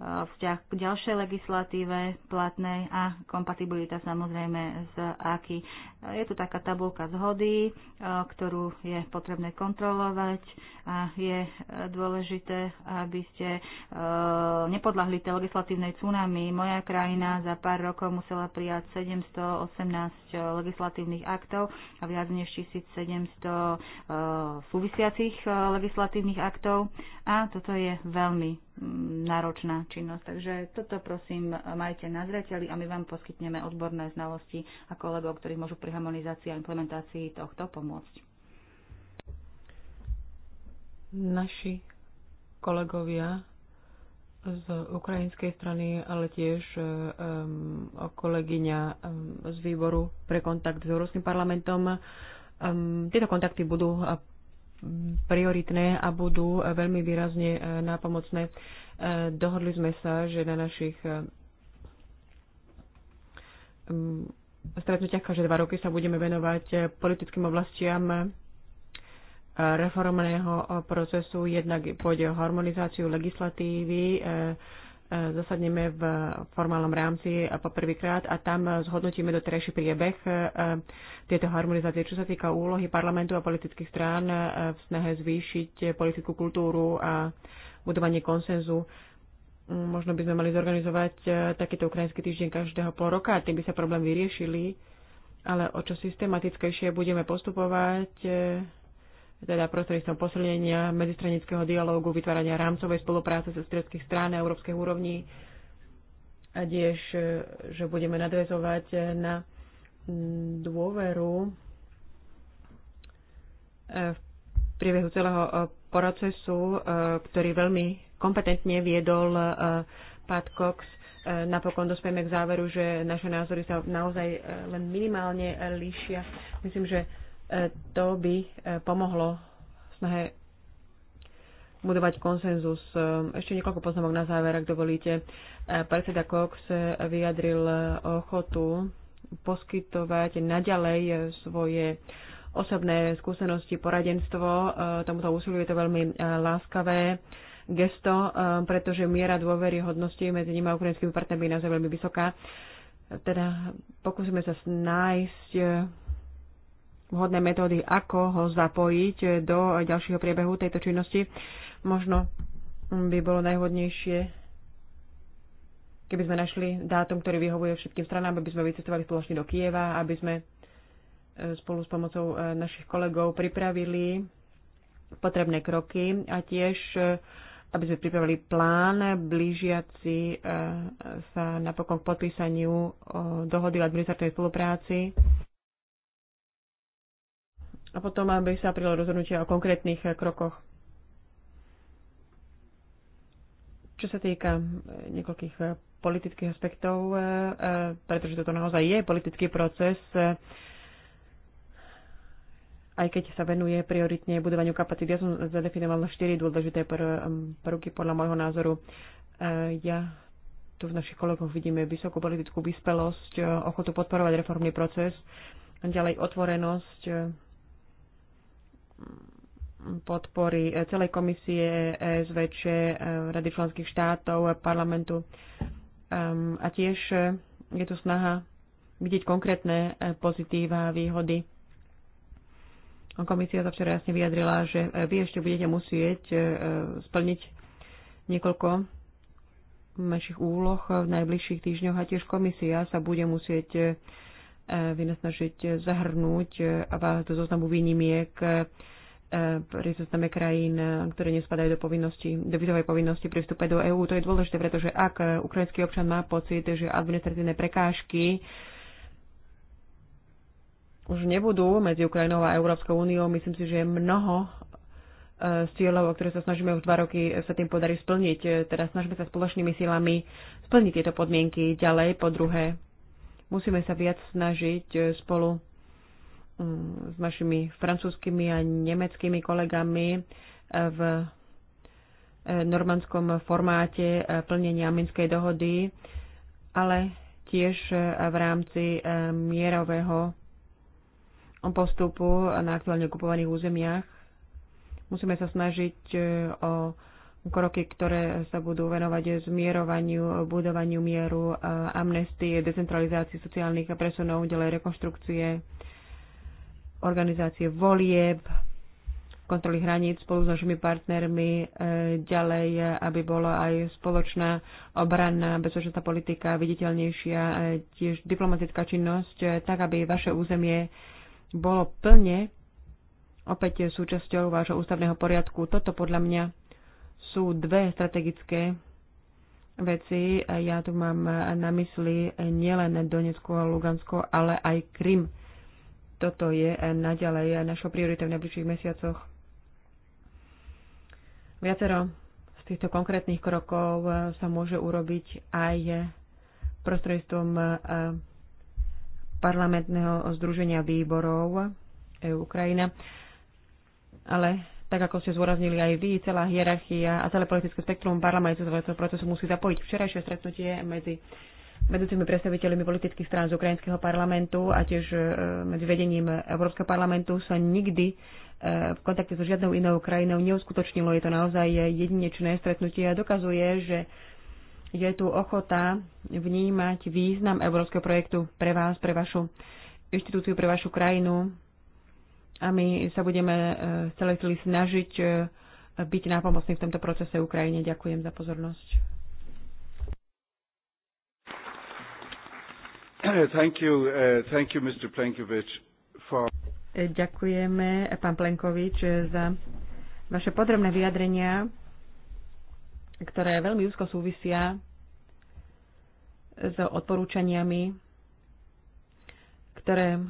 vzťah k ďalšej legislatíve platnej a kompatibilita samozrejme s aký. Je tu taká tabulka zhody, e, ktorú je potrebné kontrolovať a je e, dôležité, aby ste e, nepodľahli tej legislatívnej tsunami. Moja krajina za pár rokov musela prijať 718 legislatívnych aktov a viac než 1700 súvisiacich legislatívnych aktov a toto je veľmi mm, náročná činnosť. Takže toto prosím majte na zreteli a my vám poskytneme odborné znalosti a kolegov, ktorí môžu pri harmonizácii a implementácii tohto pomôcť. Naši kolegovia z ukrajinskej strany, ale tiež um, kolegyňa um, z výboru pre kontakt s Európskym parlamentom. Um, tieto kontakty budú uh, prioritné a budú uh, veľmi výrazne uh, nápomocné. Dohodli sme sa, že na našich Uh, stretnutiach každé dva roky sa budeme venovať eh, politickým oblastiam eh, reformného eh, procesu. Jednak pôjde o harmonizáciu legislatívy, zasadneme v formálnom rámci poprvýkrát a tam zhodnotíme doterajší priebeh tieto harmonizácie. Čo sa týka úlohy parlamentu a politických strán v snahe zvýšiť politickú kultúru a budovanie konsenzu, Možno by sme mali zorganizovať e, takýto ukrajinský týždeň každého pol roka, tým by sa problém vyriešili, ale o čo systematickejšie budeme postupovať, e, teda prostredníctvom posilnenia medzistranického dialógu, vytvárania rámcovej spolupráce so stredských strán na európskej úrovni, a tiež, e, že budeme nadvezovať na dôveru v priebehu celého procesu, ktorý veľmi kompetentne viedol e, Pat Cox. E, napokon dospieme k záveru, že naše názory sa naozaj e, len minimálne líšia. Myslím, že to by pomohlo snahe budovať konsenzus. Ešte niekoľko poznámok na záver, ak dovolíte. Predseda Cox vyjadril ochotu poskytovať naďalej svoje osobné skúsenosti, poradenstvo. Tomuto úsiliu je to veľmi láskavé gesto, e, pretože miera dôvery hodnosti medzi nimi a ukrajinskými partnermi je naozaj veľmi vysoká. Teda pokúsime sa nájsť e, vhodné metódy, ako ho zapojiť do ďalšieho priebehu tejto činnosti. Možno by bolo najhodnejšie, keby sme našli dátum, ktorý vyhovuje všetkým stranám, aby sme vycestovali spoločne do Kieva, aby sme e, spolu s pomocou našich kolegov pripravili potrebné kroky a tiež aby sme pripravili plán blížiaci e, sa napokon k podpísaniu e, dohody o administratívnej spolupráci a potom aby sa prilo rozhodnutie o konkrétnych e, krokoch. Čo sa týka niekoľkých politických aspektov, pretože toto naozaj je politický proces, aj keď sa venuje prioritne budovaniu kapacít. Ja som zadefinovala štyri dôležité prvky podľa môjho názoru. E, ja tu v našich kolegoch vidíme vysokú politickú vyspelosť, e, ochotu podporovať reformný proces, ďalej otvorenosť e, podpory celej komisie SVČ, Rady členských štátov, parlamentu. A tiež je tu snaha vidieť konkrétne pozitíva výhody Komisia sa včera jasne vyjadrila, že e, vy ešte budete musieť e, e, splniť niekoľko menších úloh v najbližších týždňoch a tiež komisia sa bude musieť vynasnažiť zahrnúť vás do zoznamu výnimiek pri zozname krajín, ktoré nespadajú do povinnosti, do vizovej povinnosti pri vstupe do EÚ. To je dôležité, pretože ak ukrajinský občan má pocit, že administratívne prekážky už nebudú medzi Ukrajinou a Európskou úniou. Myslím si, že mnoho z e, cieľov, o ktoré sa snažíme už dva roky, e, sa tým podarí splniť. E, teda snažíme sa spoločnými silami splniť tieto podmienky. Ďalej, po druhé, musíme sa viac snažiť spolu mm, s našimi francúzskými a nemeckými kolegami v normandskom formáte plnenia Minskej dohody, ale tiež v rámci mierového postupu na aktuálne okupovaných územiach. Musíme sa snažiť e, o kroky, ktoré sa budú venovať zmierovaniu, budovaniu mieru, amnestie, decentralizácii sociálnych presunov, ďalej rekonštrukcie, organizácie volieb, kontroly hraníc spolu s našimi partnermi e, ďalej, aby bola aj spoločná obranná bezpečnostná politika viditeľnejšia, e, tiež diplomatická činnosť, tak aby vaše územie bolo plne opäť súčasťou vášho ústavného poriadku. Toto podľa mňa sú dve strategické veci. Ja tu mám na mysli nielen Donetsko a Lugansko, ale aj Krym. Toto je naďalej našou prioritou v najbližších mesiacoch. Viacero z týchto konkrétnych krokov sa môže urobiť aj prostredstvom eh, parlamentného združenia výborov EU Ukrajina. Ale tak ako ste zôraznili aj vy, celá hierarchia a celé politické spektrum parlamentu zvolacieho procesu musí zapojiť. Včerajšie stretnutie medzi vedúcimi predstaviteľmi politických strán z ukrajinského parlamentu a tiež e, medzi vedením Európskeho parlamentu sa nikdy e, v kontakte so žiadnou inou krajinou neuskutočnilo. Je to naozaj jedinečné stretnutie a dokazuje, že je tu ochota vnímať význam európskeho projektu pre vás, pre vašu inštitúciu, pre vašu krajinu. A my sa budeme e, z celej sily snažiť e, byť nápomocní v tomto procese Ukrajine. Ďakujem za pozornosť. Eh, thank you, eh, thank you, Mr. for... Eh, ďakujeme, pán Plenkovič, za vaše podrobné vyjadrenia ktoré veľmi úzko súvisia s odporúčaniami, ktoré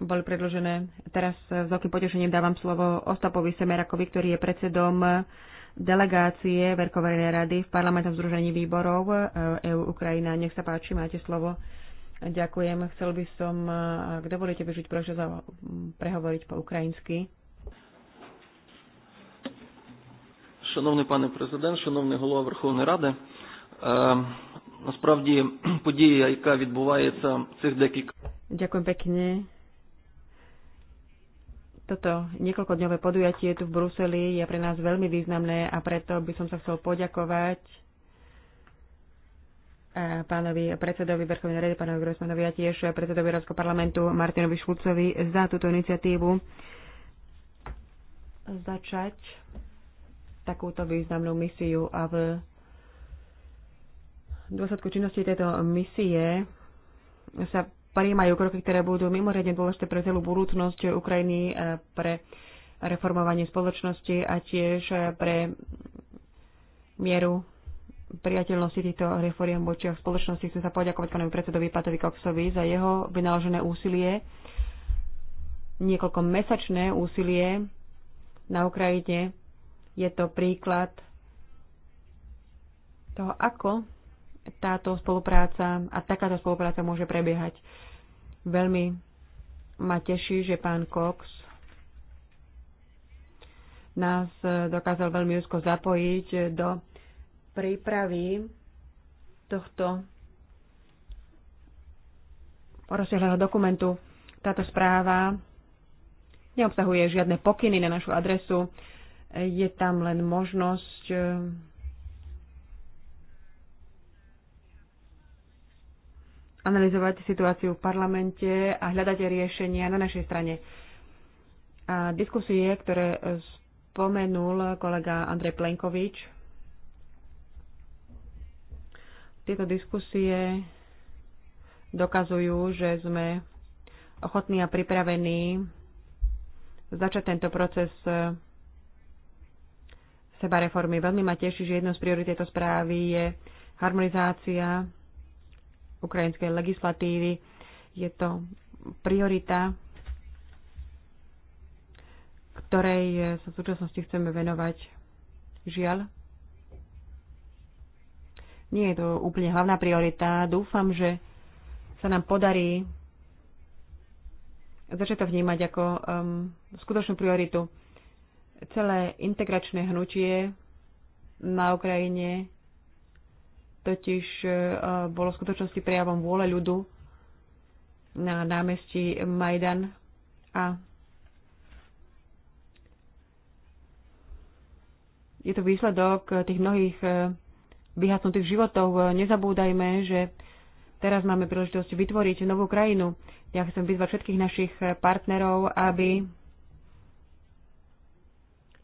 boli predložené. Teraz s veľkým potešením dávam slovo Ostapovi Semerakovi, ktorý je predsedom delegácie Verkovej rady v parlamentnom združení výborov EU e Ukrajina. Nech sa páči, máte slovo. Ďakujem. Chcel by som, ak dovolíte, vyžiť prosím prehovoriť po ukrajinsky. Шановний пане президент, шановний голова Верховної Ради, насправді подія, яка відбувається цих декілька. Дякую пекне. Toto niekoľkodňové podujatie tu v Bruseli je pre nás veľmi významné a preto by som sa chcel poďakovať e, pánovi predsedovi Verchovnej rady, pánovi Grossmanovi a tiež predsedovi Európskeho parlamentu Martinovi Šulcovi za túto iniciatívu začať takúto významnú misiu a v dôsledku činnosti tejto misie sa prijímajú kroky, ktoré budú mimoriadne dôležité pre celú budúcnosť Ukrajiny, e, pre reformovanie spoločnosti a tiež e, pre mieru priateľnosti týchto reforiem v spoločnosti. Chcem sa poďakovať pánovi predsedovi Patovi Koksovi za jeho vynaložené úsilie, niekoľko mesačné úsilie na Ukrajine je to príklad toho, ako táto spolupráca a takáto spolupráca môže prebiehať. Veľmi ma teší, že pán Cox nás dokázal veľmi úzko zapojiť do prípravy tohto rozsiahleho dokumentu. Táto správa neobsahuje žiadne pokyny na našu adresu, je tam len možnosť e, analyzovať situáciu v parlamente a hľadať riešenia na našej strane. A diskusie, ktoré spomenul kolega Andrej Plenkovič, tieto diskusie dokazujú, že sme ochotní a pripravení začať tento proces seba reformy. Veľmi ma teší, že jednou z priorit tejto správy je harmonizácia ukrajinskej legislatívy. Je to priorita, ktorej sa v súčasnosti chceme venovať. Žiaľ, nie je to úplne hlavná priorita. Dúfam, že sa nám podarí začať to vnímať ako um, skutočnú prioritu. Celé integračné hnutie na Ukrajine totiž e, bolo v skutočnosti prejavom vôle ľudu na námestí Majdan a je to výsledok tých mnohých e, vyhasnutých životov. Nezabúdajme, že teraz máme príležitosť vytvoriť novú krajinu. Ja chcem vyzvať všetkých našich partnerov, aby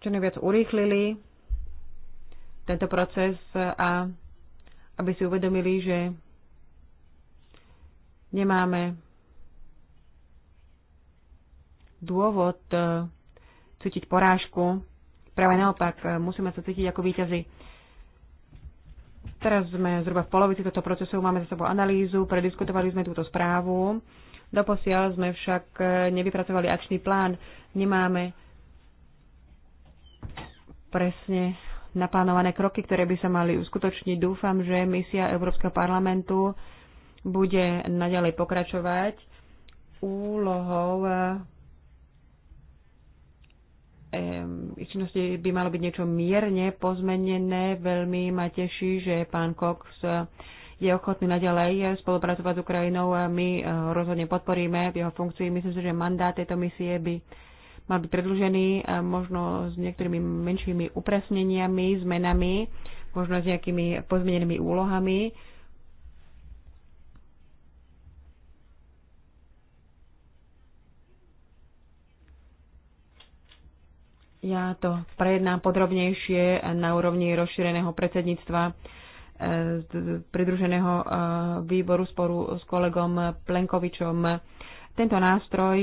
čo najviac urýchlili tento proces a aby si uvedomili, že nemáme dôvod eh, cítiť porážku. Práve naopak, eh, musíme sa cítiť ako víťazi. Teraz sme zhruba v polovici tohto procesu, máme za sebou analýzu, prediskutovali sme túto správu. Doposiaľ sme však eh, nevypracovali akčný plán, nemáme presne naplánované kroky, ktoré by sa mali uskutočniť. Dúfam, že misia Európskeho parlamentu bude naďalej pokračovať úlohou eh, ich činnosti by malo byť niečo mierne pozmenené. Veľmi ma teší, že pán Cox eh, je ochotný naďalej spolupracovať s Ukrajinou. My eh, rozhodne podporíme v jeho funkcii. Myslím si, že mandát tejto misie by mal byť predlžený možno s niektorými menšími upresneniami, zmenami, možno s nejakými pozmenenými úlohami. Ja to prejednám podrobnejšie na úrovni rozšíreného predsedníctva e, pridruženého e, výboru sporu s kolegom Plenkovičom tento nástroj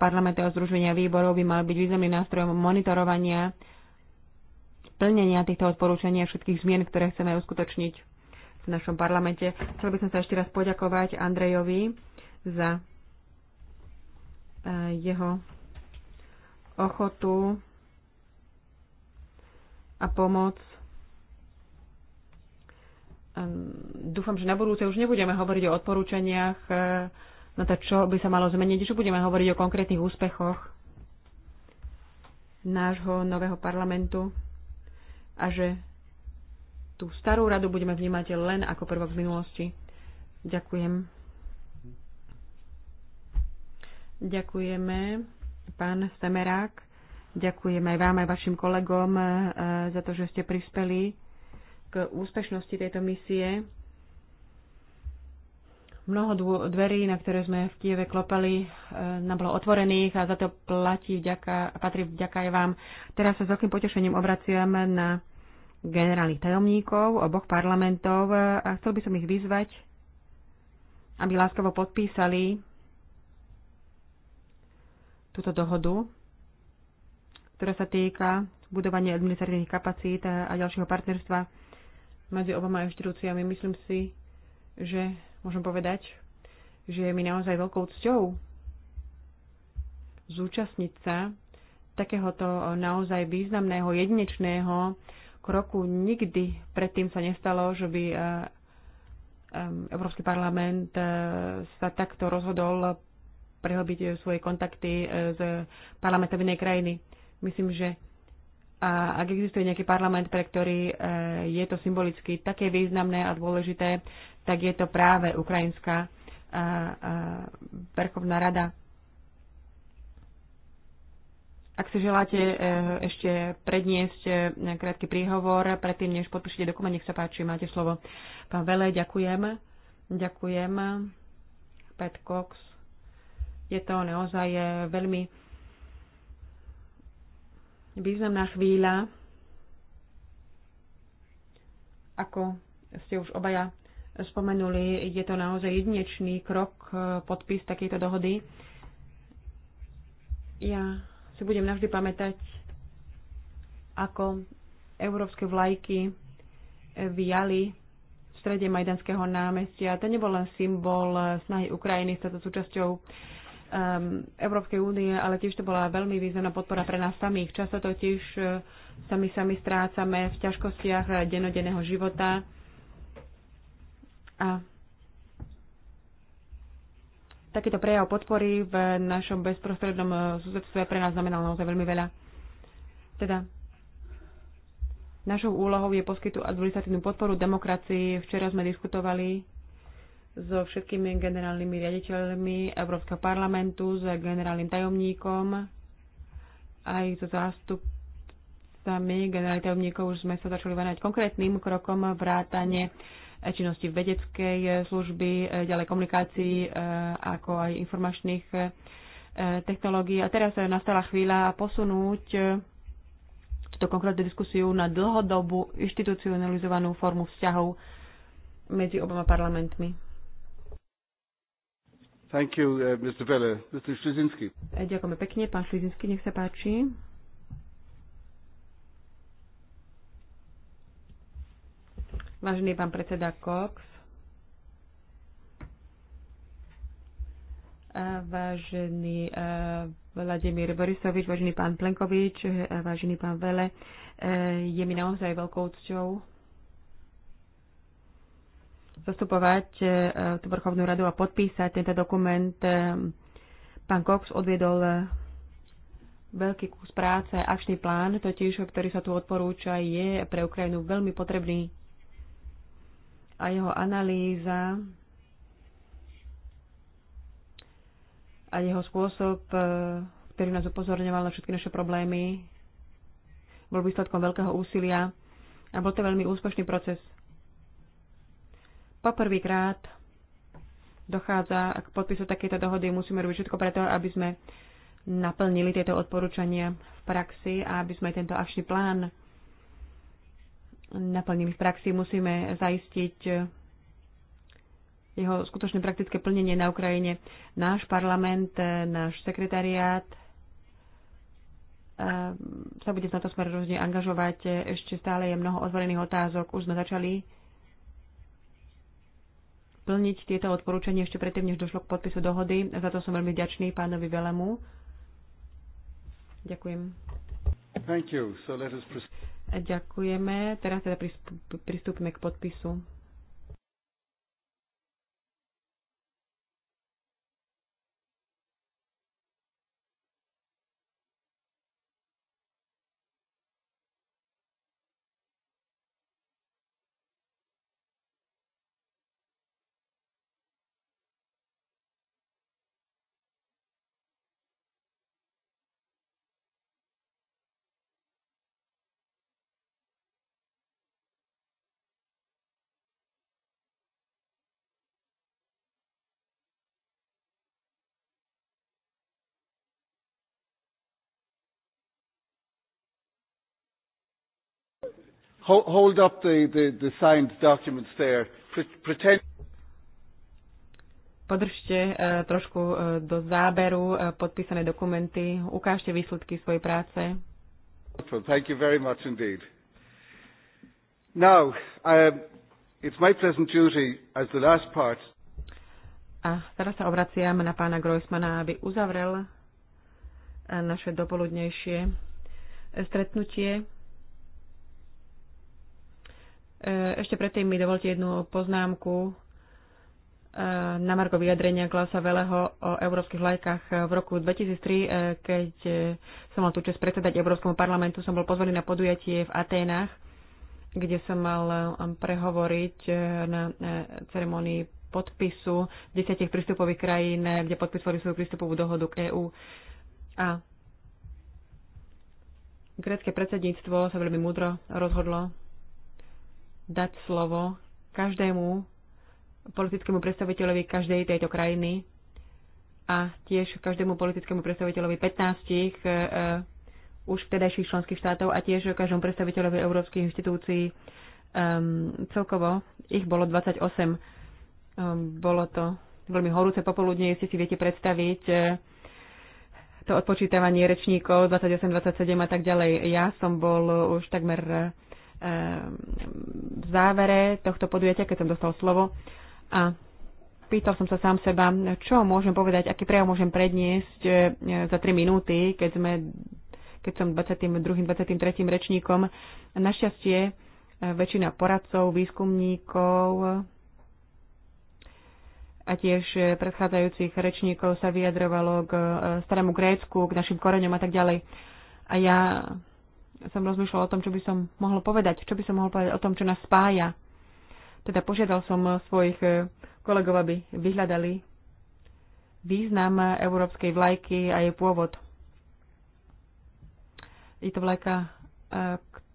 parlamentného združenia výborov by mal byť významným nástrojom monitorovania plnenia týchto odporúčaní a všetkých zmien, ktoré chceme uskutočniť v našom parlamente. Chcel by som sa ešte raz poďakovať Andrejovi za eh, jeho ochotu a pomoc. Ehm, dúfam, že na budúce už nebudeme hovoriť o odporúčaniach eh, No tak čo by sa malo zmeniť? Čo budeme hovoriť o konkrétnych úspechoch nášho nového parlamentu a že tú starú radu budeme vnímať len ako prvok z minulosti. Ďakujem. Ďakujeme, pán Stemerák. Ďakujeme aj vám, aj vašim kolegom eh, za to, že ste prispeli k úspešnosti tejto misie. Mnoho dverí, na ktoré sme v Kieve klopali, e, nám bolo otvorených a za to platí vďaka, patrí vďaka aj vám. Teraz sa s veľkým potešením obraciame na generálnych tajomníkov oboch parlamentov a chcel by som ich vyzvať, aby láskavo podpísali túto dohodu, ktorá sa týka budovania administratívnych kapacít a ďalšieho partnerstva medzi oboma inštitúciami. Myslím si, že môžem povedať, že je mi naozaj veľkou cťou zúčastniť sa takéhoto naozaj významného, jedinečného kroku. Nikdy predtým sa nestalo, že by eh, eh, Európsky parlament eh, sa takto rozhodol prehlbiť svoje kontakty z parlamentom inej krajiny. Myslím, že a ak existuje nejaký parlament, pre ktorý e, je to symbolicky také významné a dôležité, tak je to práve Ukrajinská e, e, Verchovná rada. Ak si želáte ešte predniesť krátky príhovor, predtým, než podpíšete dokument, nech sa páči, máte slovo. Pán Vele, ďakujem. Ďakujem. Pat Cox. Je to naozaj veľmi významná chvíľa, ako ste už obaja spomenuli, je to naozaj jedinečný krok, e, podpis takejto dohody. Ja si budem navždy pamätať, ako európske vlajky vyjali v strede Majdanského námestia. To nebol len symbol e, snahy Ukrajiny stať sa súčasťou um, Európskej únie, ale tiež to bola veľmi významná podpora pre nás samých. Často totiž uh, sami sami strácame v ťažkostiach uh, denodenného života. A takýto prejav podpory v našom bezprostrednom uh, susedstve pre nás znamenal naozaj veľmi veľa. Teda našou úlohou je poskytnúť administratívnu podporu demokracii. Včera sme diskutovali so všetkými generálnymi riaditeľmi Európskeho parlamentu, s generálnym tajomníkom, aj so zástupcami generálnych tajomníkov už sme sa začali venovať konkrétnym krokom vrátane činnosti vedeckej služby, ďalej komunikácií, e, ako aj informačných e, technológií. A teraz nastala chvíľa posunúť túto konkrétnu diskusiu na dlhodobú inštitucionalizovanú formu vzťahov medzi oboma parlamentmi. Thank you, uh, Mr. Vele. Mr. Slizinski. E, ďakujeme pekne. Pán Slizinski, nech sa páči. Vážený pán predseda Cox, e, vážený e, Vladimír Borisovič, vážený pán Plenkovič, vážený pán Vele, je mi naozaj veľkou cťou zastupovať e, tú vrchovnú radu a podpísať tento dokument. E, pán Cox odviedol e, veľký kus práce, akčný plán, totiž, ktorý sa tu odporúča, je pre Ukrajinu veľmi potrebný. A jeho analýza a jeho spôsob, ktorý nás upozorňoval na všetky naše problémy, bol výsledkom veľkého úsilia a bol to veľmi úspešný proces. Poprvýkrát dochádza k podpisu takéto dohody. Musíme robiť všetko preto, aby sme naplnili tieto odporúčania v praxi a aby sme tento akčný plán naplnili v praxi. Musíme zaistiť jeho skutočné praktické plnenie na Ukrajine. Náš parlament, náš sekretariát ehm, sa bude na to smer rôzne angažovať. Ešte stále je mnoho otvorených otázok. Už sme začali plniť tieto odporúčania ešte predtým, než došlo k podpisu dohody. Za to som veľmi vďačný pánovi Velemu. Ďakujem. Thank you. So let us Ďakujeme. Teraz teda pristúpime k podpisu. hold up the, the, the signed documents there. Pretend Podržte uh, trošku uh, do záberu uh, podpísané dokumenty, ukážte výsledky svojej práce. Thank you very much indeed. Now, um, it's my pleasant duty as the last part. A teraz sa obraciam na pána Groismana, aby uzavrel naše dopoludnejšie stretnutie. Eh, ešte predtým mi dovolte jednu poznámku eh, na Marko vyjadrenia Klasa Veleho o európskych lajkách v roku 2003, eh, keď som mal tú čest predsedať Európskemu parlamentu, som bol pozvaný na podujatie v Aténach, kde som mal prehovoriť na ceremonii podpisu desiatich prístupových krajín, kde podpisovali svoju prístupovú dohodu k EÚ. A grecké predsedníctvo sa veľmi múdro rozhodlo dať slovo každému politickému predstaviteľovi každej tejto krajiny a tiež každému politickému predstaviteľovi 15 e, e, už vtedajších členských štátov a tiež každému predstaviteľovi európskych inštitúcií. Um, celkovo ich bolo 28. Um, ehm, bolo to veľmi horúce popoludne, ste si viete predstaviť e, to odpočítavanie rečníkov 28, 27 a tak ďalej. Ja som bol už takmer v závere tohto podujatia, keď som dostal slovo a pýtal som sa sám seba, čo môžem povedať, aký prejav môžem predniesť e, za 3 minúty, keď, sme, keď som 22. 23. rečníkom. Našťastie e, väčšina poradcov, výskumníkov a tiež e, predchádzajúcich rečníkov sa vyjadrovalo k starému Grécku, k našim koreňom a tak ďalej. A ja som rozmýšľal o tom, čo by som mohol povedať, čo by som mohol povedať o tom, čo nás spája. Teda požiadal som svojich e, kolegov, aby vyhľadali význam európskej vlajky a jej pôvod. Je to vlajka, e,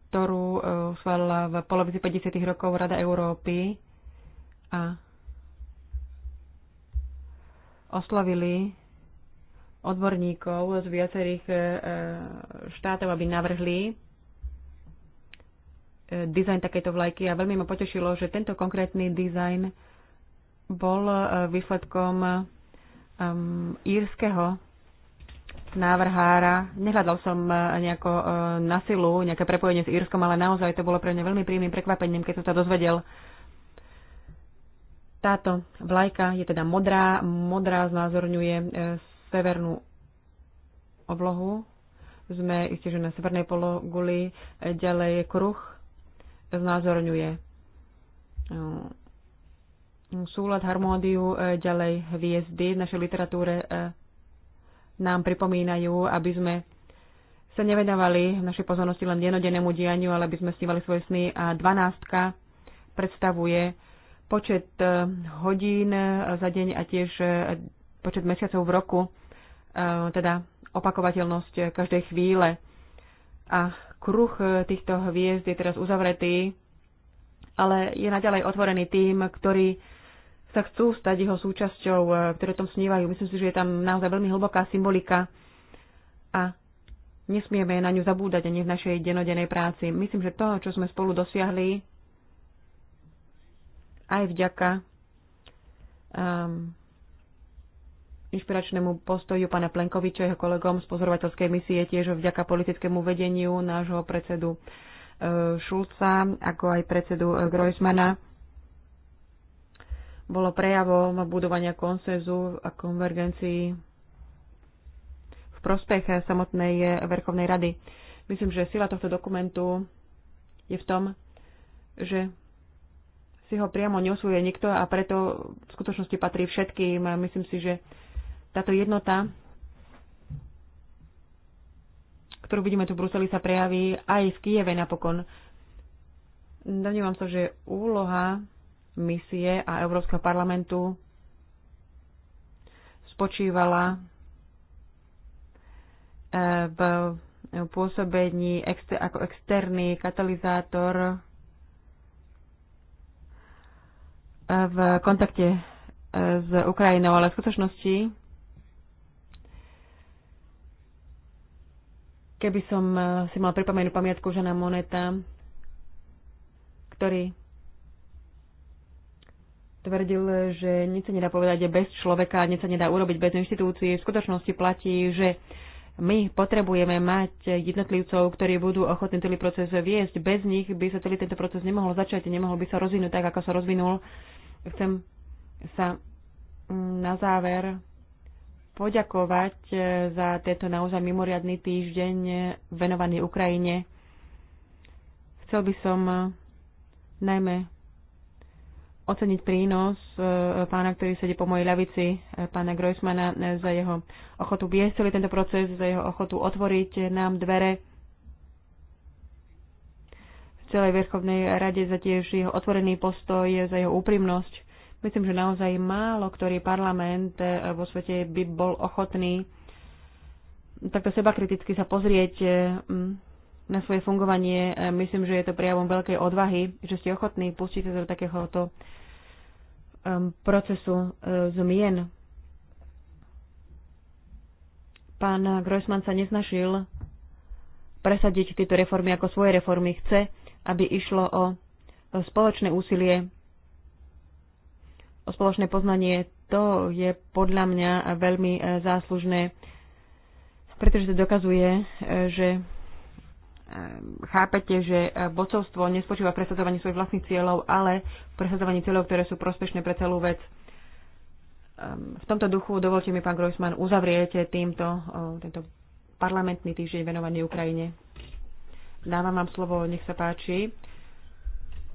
ktorú e, schválila v polovici 50. rokov Rada Európy a oslavili odborníkov z viacerých e, e, štátov, aby navrhli e, dizajn takéto vlajky a veľmi ma potešilo, že tento konkrétny dizajn bol výsledkom um, írskeho návrhára. Nehľadal som nejako na silu, nejaké prepojenie s Írskom, ale naozaj to bolo pre mňa veľmi príjemným prekvapením, keď som sa dozvedel. Táto vlajka je teda modrá. Modrá znázorňuje severnú oblohu. Sme isté, že na severnej pologuli ďalej kruh znázorňuje um, súlad, harmódiu, e, ďalej hviezdy v našej literatúre e, nám pripomínajú, aby sme sa nevedovali v našej pozornosti len denodennému dianiu, ale aby sme snívali svoje sny. A dvanástka predstavuje počet e, hodín za deň a tiež počet mesiacov v roku. Ehm, teda opakovateľnosť každej chvíle. A kruh eh, týchto hviezd je teraz uzavretý, ale je naďalej otvorený tým, ktorí sa chcú stať jeho súčasťou, eh, ktoré tom snívajú. Myslím si, že je tam naozaj veľmi hlboká symbolika a nesmieme na ňu zabúdať ani v našej denodenej práci. Myslím, že to, čo sme spolu dosiahli, aj vďaka um, inšpiračnému postoju pána Plenkoviča, jeho kolegom z pozorovateľskej misie, tiež vďaka politickému vedeniu nášho predsedu e, Šulca, ako aj predsedu e, Groismana. Bolo prejavom budovania konsenzu a konvergencii v prospech samotnej e, Verchovnej rady. Myslím, že sila tohto dokumentu je v tom, že si ho priamo neosvojuje nikto a preto v skutočnosti patrí všetkým. Myslím si, že táto jednota, ktorú vidíme tu v Bruseli, sa prejaví aj v Kieve napokon. Domnívam sa, že úloha misie a Európskeho parlamentu spočívala e, v pôsobení ako externý katalizátor e, v kontakte e, s Ukrajinou, ale v skutočnosti Keby som eh, si mal pripomenúť pamiatku žena Moneta, ktorý tvrdil, že nič sa nedá povedať bez človeka, nič sa nedá urobiť bez inštitúcií. V skutočnosti platí, že my potrebujeme mať jednotlivcov, ktorí budú ochotní celý proces viesť. Bez nich by sa celý tento proces nemohol začať, nemohol by sa rozvinúť tak, ako sa rozvinul. Chcem sa mm, na záver poďakovať e, za tento naozaj mimoriadný týždeň venovaný Ukrajine. Chcel by som e, najmä oceniť prínos e, pána, ktorý sedí po mojej ľavici, pána Groismana, za jeho ochotu viesť celý tento proces, za jeho ochotu otvoriť nám dvere v celej Vierchovnej rade, za tiež jeho otvorený postoj, za jeho úprimnosť. Myslím, že naozaj málo ktorý parlament eh, vo svete by bol ochotný takto seba kriticky sa pozrieť eh, na svoje fungovanie. Eh, myslím, že je to prijavom veľkej odvahy, že ste ochotní pustiť sa do takéhoto procesu zmien. Pán Grossman sa nesnažil presadiť tieto reformy ako svoje reformy. Chce, aby išlo o spoločné úsilie o spoločné poznanie, to je podľa mňa veľmi e, záslužné, pretože to dokazuje, e, že e, chápete, že bocovstvo nespočíva v presadzovaní svojich vlastných cieľov, ale v presadzovaní cieľov, ktoré sú prospešné pre celú vec. Ehm, v tomto duchu dovolte mi, pán Grossman, uzavriete týmto tento parlamentný týždeň venovaný Ukrajine. Dávam vám slovo, nech sa páči.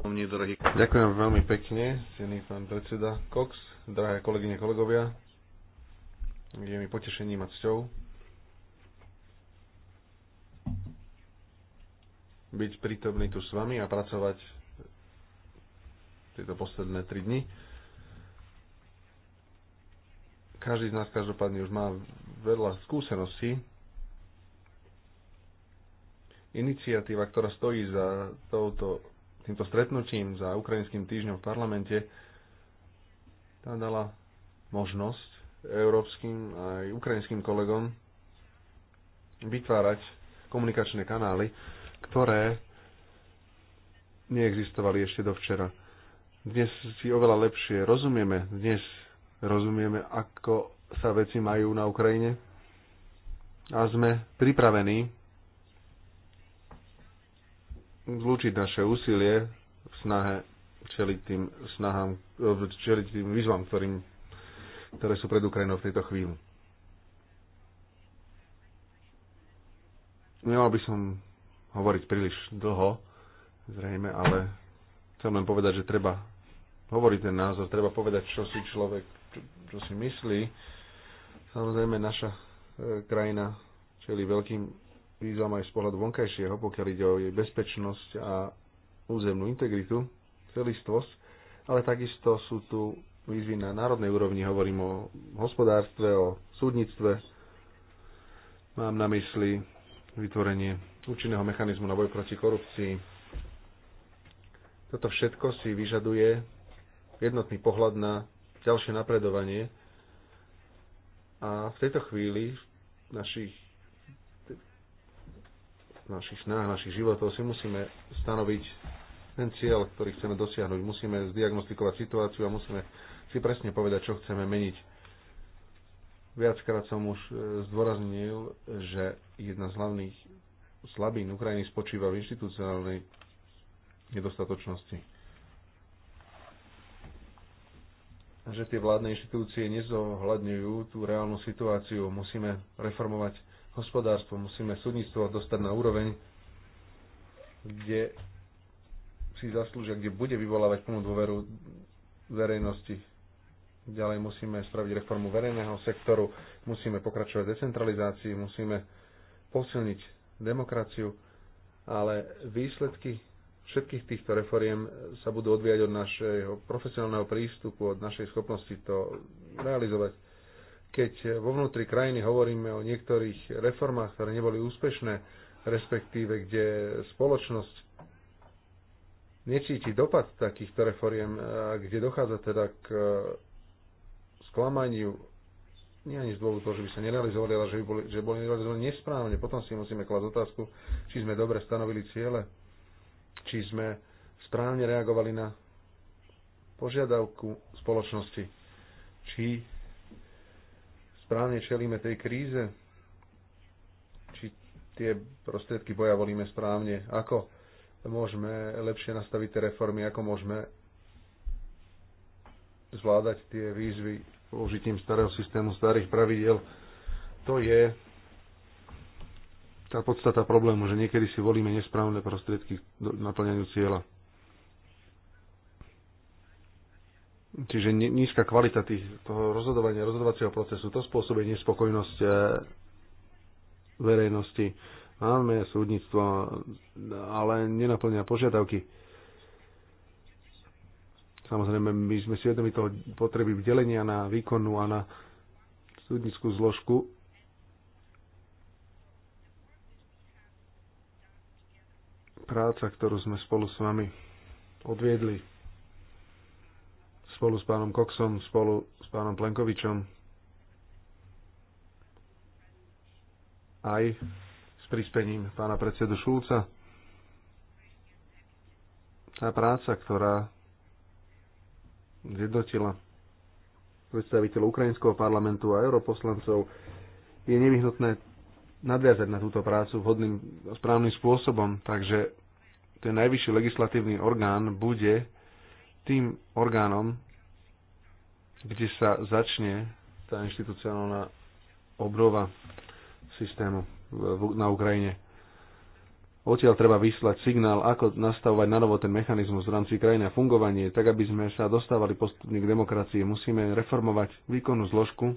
Ďakujem veľmi pekne, cený pán predseda Cox, drahé kolegyne, kolegovia. Je mi potešením a cťou byť prítomný tu s vami a pracovať tieto posledné tri dni. Každý z nás každopádne už má veľa skúseností iniciatíva, ktorá stojí za touto týmto stretnutím za ukrajinským týždňom v parlamente tá dala možnosť európskym aj ukrajinským kolegom vytvárať komunikačné kanály, ktoré neexistovali ešte dovčera. Dnes si oveľa lepšie rozumieme, dnes rozumieme, ako sa veci majú na Ukrajine a sme pripravení zlúčiť naše úsilie v snahe čeliť tým, snahám, e, čeliť tým výzvam, ktorým, ktoré sú pred Ukrajinou v tejto chvíli. Nemal by som hovoriť príliš dlho, zrejme, ale chcem len povedať, že treba hovoriť ten názor, treba povedať, čo si človek, čo, čo si myslí. Samozrejme, naša e, krajina čeli veľkým výzvam aj z pohľadu vonkajšieho, pokiaľ ide o jej bezpečnosť a územnú integritu, celistvosť, ale takisto sú tu výzvy na národnej úrovni, hovorím o hospodárstve, o súdnictve. Mám na mysli vytvorenie účinného mechanizmu na boj proti korupcii. Toto všetko si vyžaduje jednotný pohľad na ďalšie napredovanie a v tejto chvíli v našich našich snách, našich životov si musíme stanoviť ten cieľ, ktorý chceme dosiahnuť. Musíme zdiagnostikovať situáciu a musíme si presne povedať, čo chceme meniť. Viackrát som už e, zdôraznil, že jedna z hlavných slabín Ukrajiny spočíva v inštitucionálnej nedostatočnosti. Že tie vládne inštitúcie nezohľadňujú tú reálnu situáciu. Musíme reformovať hospodárstvo, musíme súdnictvo dostať na úroveň, kde si zaslúžia, kde bude vyvolávať plnú dôveru verejnosti. Ďalej musíme spraviť reformu verejného sektoru, musíme pokračovať v decentralizácii, musíme posilniť demokraciu, ale výsledky všetkých týchto reforiem sa budú odvíjať od našeho profesionálneho prístupu, od našej schopnosti to realizovať keď vo vnútri krajiny hovoríme o niektorých reformách, ktoré neboli úspešné, respektíve kde spoločnosť nečíti dopad takýchto reforiem, kde dochádza teda k e, sklamaniu, nie ani z dôvodu toho, že by sa nerealizovali, ale že, by boli, že boli nerealizovali nesprávne. Potom si musíme klásť otázku, či sme dobre stanovili ciele, či sme správne reagovali na požiadavku spoločnosti, či správne čelíme tej kríze, či tie prostriedky boja volíme správne, ako môžeme lepšie nastaviť tie reformy, ako môžeme zvládať tie výzvy použitím starého systému, starých pravidel. To je tá podstata problému, že niekedy si volíme nesprávne prostriedky naplňaniu cieľa. Čiže nízka kvalita tých, toho rozhodovania, rozhodovacieho procesu, to spôsobuje nespokojnosť e, verejnosti. Máme súdnictvo, ale nenaplňa požiadavky. Samozrejme, my sme si vedomi toho potreby delenia na výkonnú a na súdnickú zložku. Práca, ktorú sme spolu s vami odviedli spolu s pánom Coxom, spolu s pánom Plenkovičom, aj s prispením pána predsedu Šulca. Tá práca, ktorá zjednotila predstaviteľov Ukrajinského parlamentu a europoslancov, je nevyhnutné nadviazať na túto prácu vhodným a správnym spôsobom. Takže ten najvyšší legislatívny orgán bude tým orgánom, kde sa začne tá inštitucionálna obrova systému na Ukrajine. Odtiaľ treba vyslať signál, ako nastavovať novo ten mechanizmus v rámci krajiny a fungovanie, tak aby sme sa dostávali postupne k demokracii. Musíme reformovať výkonnú zložku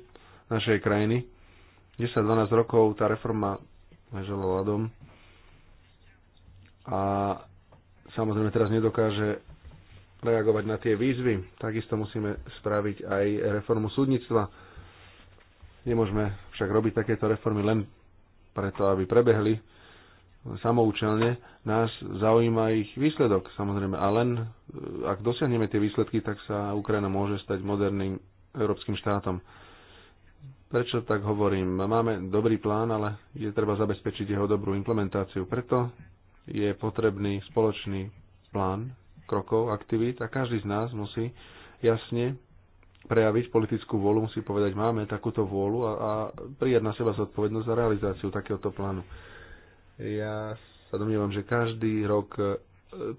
našej krajiny. 10-12 rokov tá reforma ležela ľadom a samozrejme teraz nedokáže reagovať na tie výzvy. Takisto musíme spraviť aj reformu súdnictva. Nemôžeme však robiť takéto reformy len preto, aby prebehli samoučelne. Nás zaujíma ich výsledok, samozrejme. A len e, ak dosiahneme tie výsledky, tak sa Ukrajina môže stať moderným európskym štátom. Prečo tak hovorím? Máme dobrý plán, ale je treba zabezpečiť jeho dobrú implementáciu. Preto je potrebný spoločný plán krokov, aktivít a každý z nás musí jasne prejaviť politickú vôľu, musí povedať, máme takúto vôľu a, a prijať na seba zodpovednosť za realizáciu takéhoto plánu. Ja sa domnievam, že každý rok e,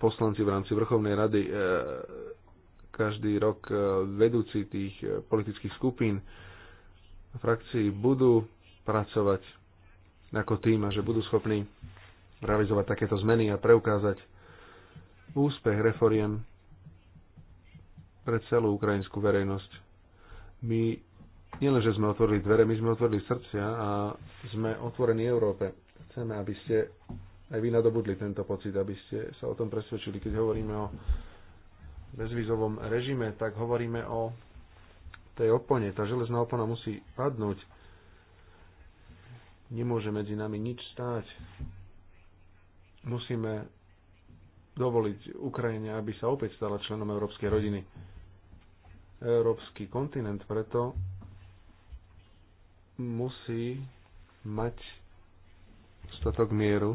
poslanci v rámci Vrchovnej rady, e, každý rok e, vedúci tých politických skupín, frakcií budú pracovať ako tým a že budú schopní realizovať takéto zmeny a preukázať úspech reforiem pre celú ukrajinskú verejnosť. My nielenže sme otvorili dvere, my sme otvorili srdcia a sme otvorení Európe. Chceme, aby ste aj vy nadobudli tento pocit, aby ste sa o tom presvedčili. Keď hovoríme o bezvízovom režime, tak hovoríme o tej opone. Tá železná opona musí padnúť. Nemôže medzi nami nič stáť. Musíme dovoliť Ukrajine, aby sa opäť stala členom európskej rodiny. Európsky kontinent preto musí mať statok mieru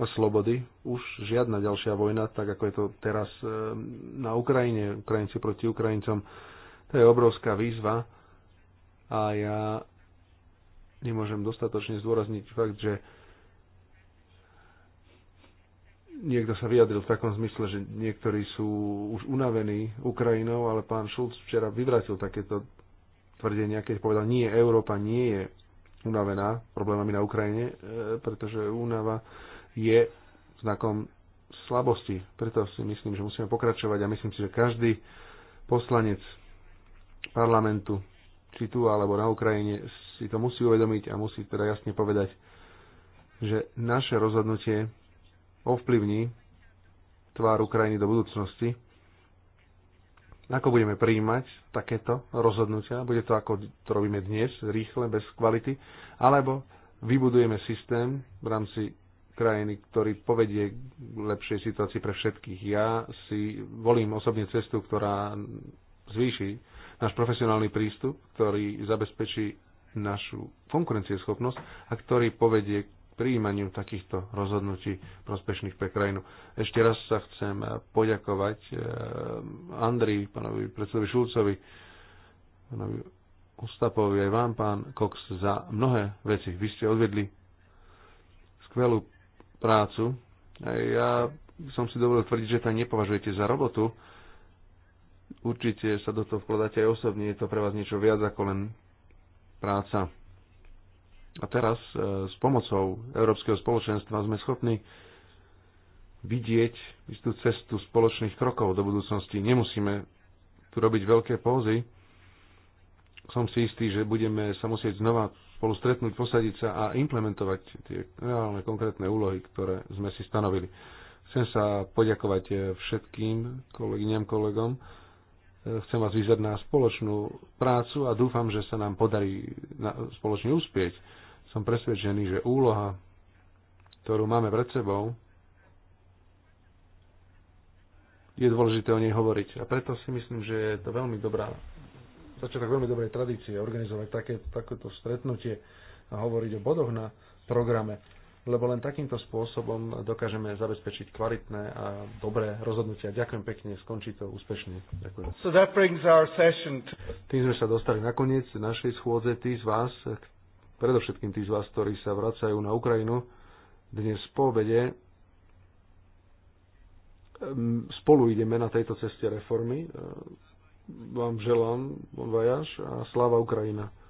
a slobody. Už žiadna ďalšia vojna, tak ako je to teraz e, na Ukrajine, Ukrajinci proti Ukrajincom, to je obrovská výzva a ja nemôžem dostatočne zdôrazniť fakt, že niekto sa vyjadril v takom zmysle, že niektorí sú už unavení Ukrajinou, ale pán Šulc včera vyvratil takéto tvrdenia, keď povedal, nie, Európa nie je unavená problémami na Ukrajine, e, pretože únava je znakom slabosti. Preto si myslím, že musíme pokračovať a myslím si, že každý poslanec parlamentu, či tu alebo na Ukrajine, si to musí uvedomiť a musí teda jasne povedať, že naše rozhodnutie ovplyvní tvár Ukrajiny do budúcnosti. Ako budeme prijímať takéto rozhodnutia? Bude to ako to robíme dnes, rýchle, bez kvality? Alebo vybudujeme systém v rámci krajiny, ktorý povedie k lepšej situácii pre všetkých. Ja si volím osobne cestu, ktorá zvýši náš profesionálny prístup, ktorý zabezpečí našu konkurencieschopnosť a ktorý povedie príjmaniu takýchto rozhodnutí prospešných pre krajinu. Ešte raz sa chcem poďakovať eh, Andrii, pánovi predsedovi Šulcovi, pánovi Ostapovi aj vám, pán Cox, za mnohé veci. Vy ste odvedli skvelú prácu. Ja som si dovolil tvrdiť, že to nepovažujete za robotu. Určite sa do toho vkladáte aj osobne, je to pre vás niečo viac ako len práca. A teraz e, s pomocou Európskeho spoločenstva sme schopní vidieť istú cestu spoločných krokov do budúcnosti. Nemusíme tu robiť veľké pózy. Som si istý, že budeme sa musieť znova spolu stretnúť, posadiť sa a implementovať tie reálne konkrétne úlohy, ktoré sme si stanovili. Chcem sa poďakovať všetkým kolegyňam, kolegom. E, chcem vás vyzerať na spoločnú prácu a dúfam, že sa nám podarí spoločne uspieť som presvedčený, že úloha, ktorú máme pred sebou, je dôležité o nej hovoriť. A preto si myslím, že je to veľmi dobrá, začiatok veľmi dobrej tradície organizovať také, takéto stretnutie a hovoriť o bodoch na programe, lebo len takýmto spôsobom dokážeme zabezpečiť kvalitné a dobré rozhodnutia. Ďakujem pekne, skončí to úspešne. Ďakujem. So that brings our session Tým sme sa dostali na koniec našej schôdze. Tí z vás, predovšetkým tí z vás, ktorí sa vracajú na Ukrajinu, dnes po obede ehm, spolu ideme na tejto ceste reformy. Ehm, vám želám, bon a sláva Ukrajina.